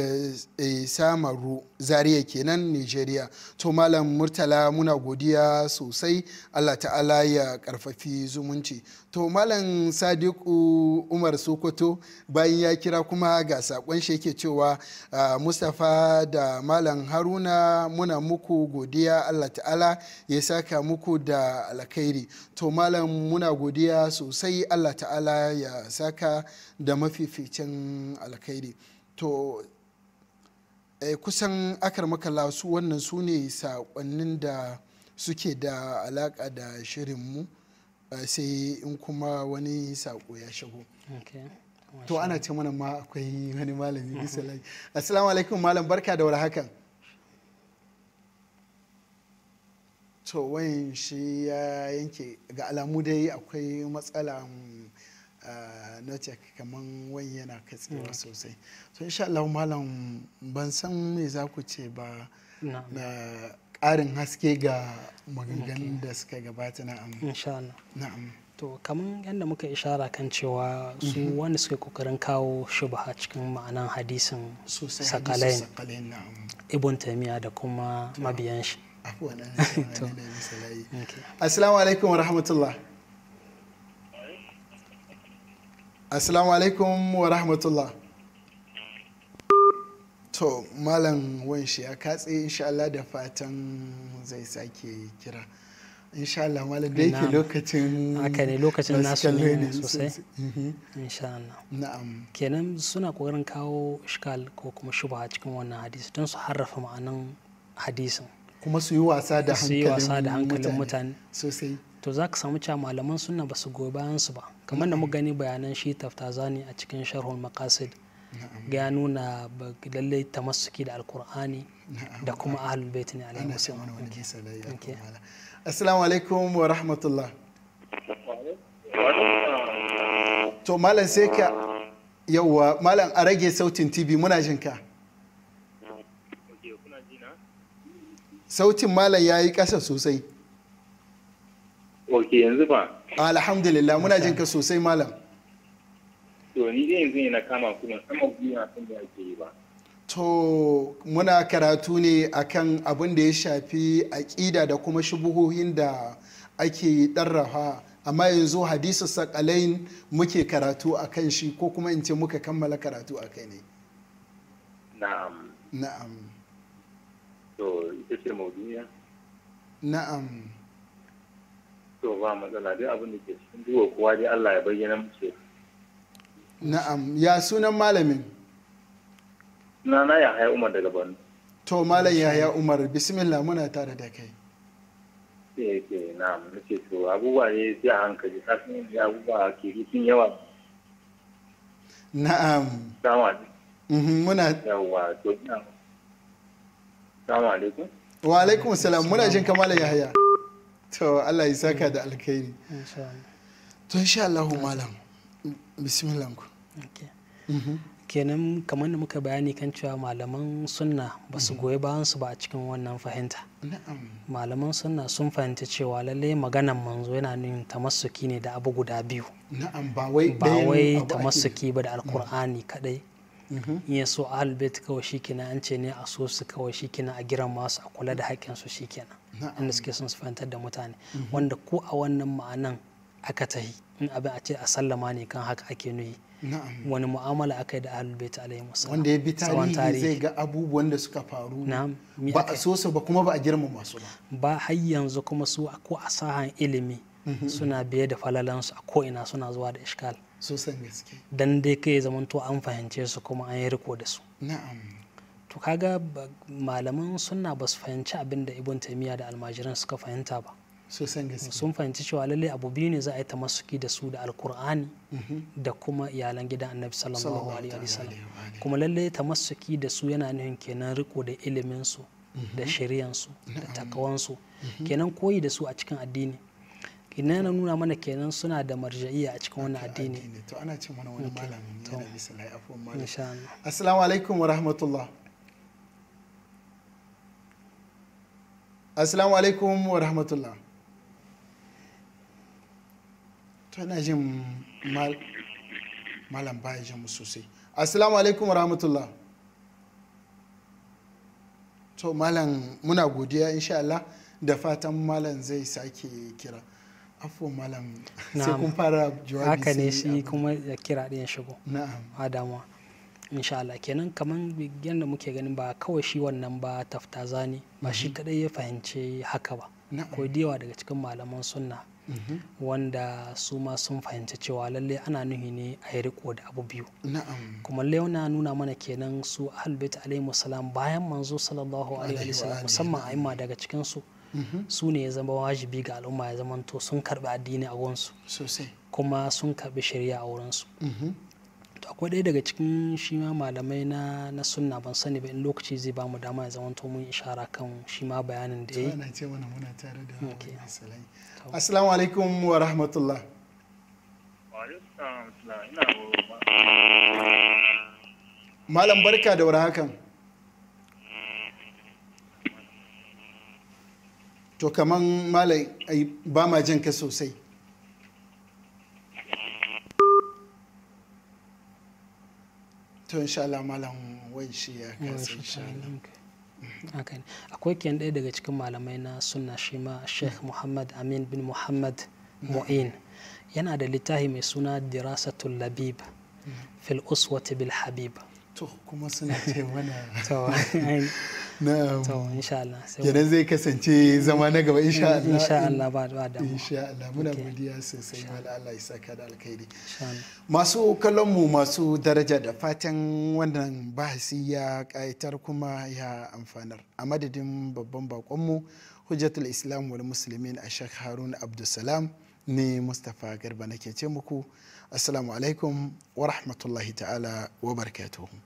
eh, samaru zariya kenan nigeria to malam murtala muna godiya sosai allah ta'ala ya karfafi zumunci to malam sadiku umar sokoto bayan ya kira kuma ga saƙon shi yake cewa ah, mustapha da malam haruna muna muku godiya allah ta'ala ya saka muku da alkhairi to malam muna godiya sosai allah ta'ala ya ya saka da mafificin alkhairi to eh, kusan akar makala su wannan su ne saƙonnin da suke da alaƙa da shirinmu uh, eh, sai in kuma wani saƙo ya shigo to ana ce mana ma akwai wani malami [LAUGHS] bisa lai assalamu alaikum malam barka da hakan to wayan shi ya yanke ga alamu dai akwai matsala na ce kaman wani yana katsewa sosai so insha Allah malam ban san me za ku ce ba na ƙarin haske ga maganganun da suka gabata amma insha Allah na'am to kamar yadda muka ishara kan cewa su mhm. wanda suke kokarin kawo shubha cikin ma'anan hadisin sakalai ibn taimiyya da kuma mabiyan shi [LAUGHS] Assalamu alaikum wa rahmatullah. assalamu alaikum wa rahmatullah to malam wanshi ya katse insha Allah da fatan zai sake kira insha Allah malam da yake lokacin aka ne lokacin nasu ne sosai mhm. insha Allah na'am kenan suna kokarin kawo shikal ko kuma a cikin wannan hadisi don su harrafa ma'anan hadisin kuma su yi wasa da hankalin mutane sosai to za ka samu cewa malaman sunna ba su goyi bayan su ba kamar da mu gani bayanan shi taftazani a cikin sharhul maqasid ya nuna ba lallai tamassuki da alkur'ani da kuma ahlul bait ne alaihi wasallam assalamu alaikum wa rahmatullah to malam sai ka yauwa malam a rage sautin tv muna jin ka sautin malam ya yi ƙasa sosai ok yanzu ba alhamdulillah muna jin ka sosai malam to ni dai yanzu ne na kama kuma sama gwiwa sun da ake yi ba to muna karatu ne akan abin da ya shafi aƙida da kuma shubuhohin da ake ɗarrafa amma yanzu hadisu sakalain muke karatu a kan shi ko kuma in ce muka kammala karatu a kai ne na'am na'am to ita ce maudu'iya na'am to ba matsala duk abin da ke cikin duwa kowa dai Allah ya bayyana muke na'am ya sunan malamin na na ya haya umar daga Borno to malam ya haya umar bismillah muna tare da kai ke eh, ke na'am nake to abubuwa ne sai a hankali kafin ya abubuwa ke sun yawa na'am salamu alaikum mhm, muna yawa to na'am salamu alaikum wa alaikum salam muna jin kamala yahaya to Allah ya saka da alkhairi to insha Allah malam bismillah ku mhm. kenan kamar da muka bayani kan cewa malaman sunna ba su mhm. goyi bayan su ba a cikin wannan fahimta malaman sunna sun fahimta cewa lalle maganan manzo yana nuna tamassuki ne da abu guda biyu ba wai tamassuki ba da alkur'ani mhm. kadai ya so ahal bait kawai shikenan an ce ne a so su kawai shikenan a giran masu a kula da haƙƙin su shikenan inda suke son su fahimtar da mutane wanda ko a wannan ma'anan aka tahi in abin a ce a sallama ne kan haka ake nuyi wani mu'amala aka yi da ahlul alayhi alaihi wanda ya bi tarihi zai ga abubuwan da suka faru ba a so su ba kuma ba a girmama su ba ba har yanzu kuma su ko a sahan ilimi mhm. suna biye da falalansu a ko ina suna zuwa da iskal sosan gaske dan dai kai zamanto an fahimce su kuma an yi riko da su na'am to kaga malaman sunna ba su fahimci abin da ibn taymiya da almajiran suka fahimta ba sosan gaske sun fahimci cewa lalle abu biyu ne za a yi tamasuki da su da alkur'ani mm-hmm. da kuma iyalan gidan annabi sallallahu alaihi wasallam kuma lalle tamasuki da su yana nufin kenan riko da ilimin su da mm-hmm. su da takawansu mm-hmm. kenan koyi da su a cikin addini ina na nuna mana kenan suna da marja'iya a cikin wannan addini to ana ce mana wani malamin yana bisa lai afuwan malam assalamu alaikum wa rahmatullah assalamu alaikum wa rahmatullah to ina jin malam baya jin mu sosai assalamu alaikum wa rahmatullah to malam muna godiya insha Allah da fatan malam zai sake kira afo malam sai kun fara jawabi haka ne shi kuma ya kira ɗin shigo na'am a insha Allah kenan kamar yadda muke ganin ba kawai shi wannan ba taftaza ne ba mhm. shi kadai ya fahimci haka ba ko daga cikin malaman sunna mhm. wanda su ma sun fahimci cewa lalle ana nuhi ne a yi riko da abu biyu kuma launa nuna mana kenan su ahlul alaihi salam bayan manzo sallallahu alaihi wasallam musamman a'imma daga cikin su su ne ya zama wajibi ga al'umma ya zama to sun karbi addini a wansu kuma sun karbi shari'a a wurinsu mm-hmm. to akwai ɗaya daga cikin shi ma malamai na sunna ban sani ba in lokaci zai ba mu dama ya zama to mun ishara kan shi ma bayanin da ya yi wa rahmatullah malam barka da hakan. to kaman malai ba ma jin ka sosai to Allah malam wai shi ya kasance akwai kyan ɗaya daga cikin malamai na suna shi ma Sheikh Muhammad Amin bin Muhammad Mu'in yana da littafi mai suna Dirasatul Labib mm-hmm. fil Uswati bil Habib to kuma suna ce mana [LAUGHS] to [LAUGHS] na'am to insha Allah yanzu zai kasance zama na gaba insha eh, Allah insha Allah ba da insha Allah muna godiya sosai mal Allah ya saka da alkhairi masu kallon mu masu daraja da fatan wannan bahasi ya kaitar kuma ya amfanar a madadin babban bakon mu hujjatul islam wal muslimin a shek harun abdulsalam ne mustafa garba nake ce muku assalamu alaikum wa rahmatullahi ta'ala wa barakatuhu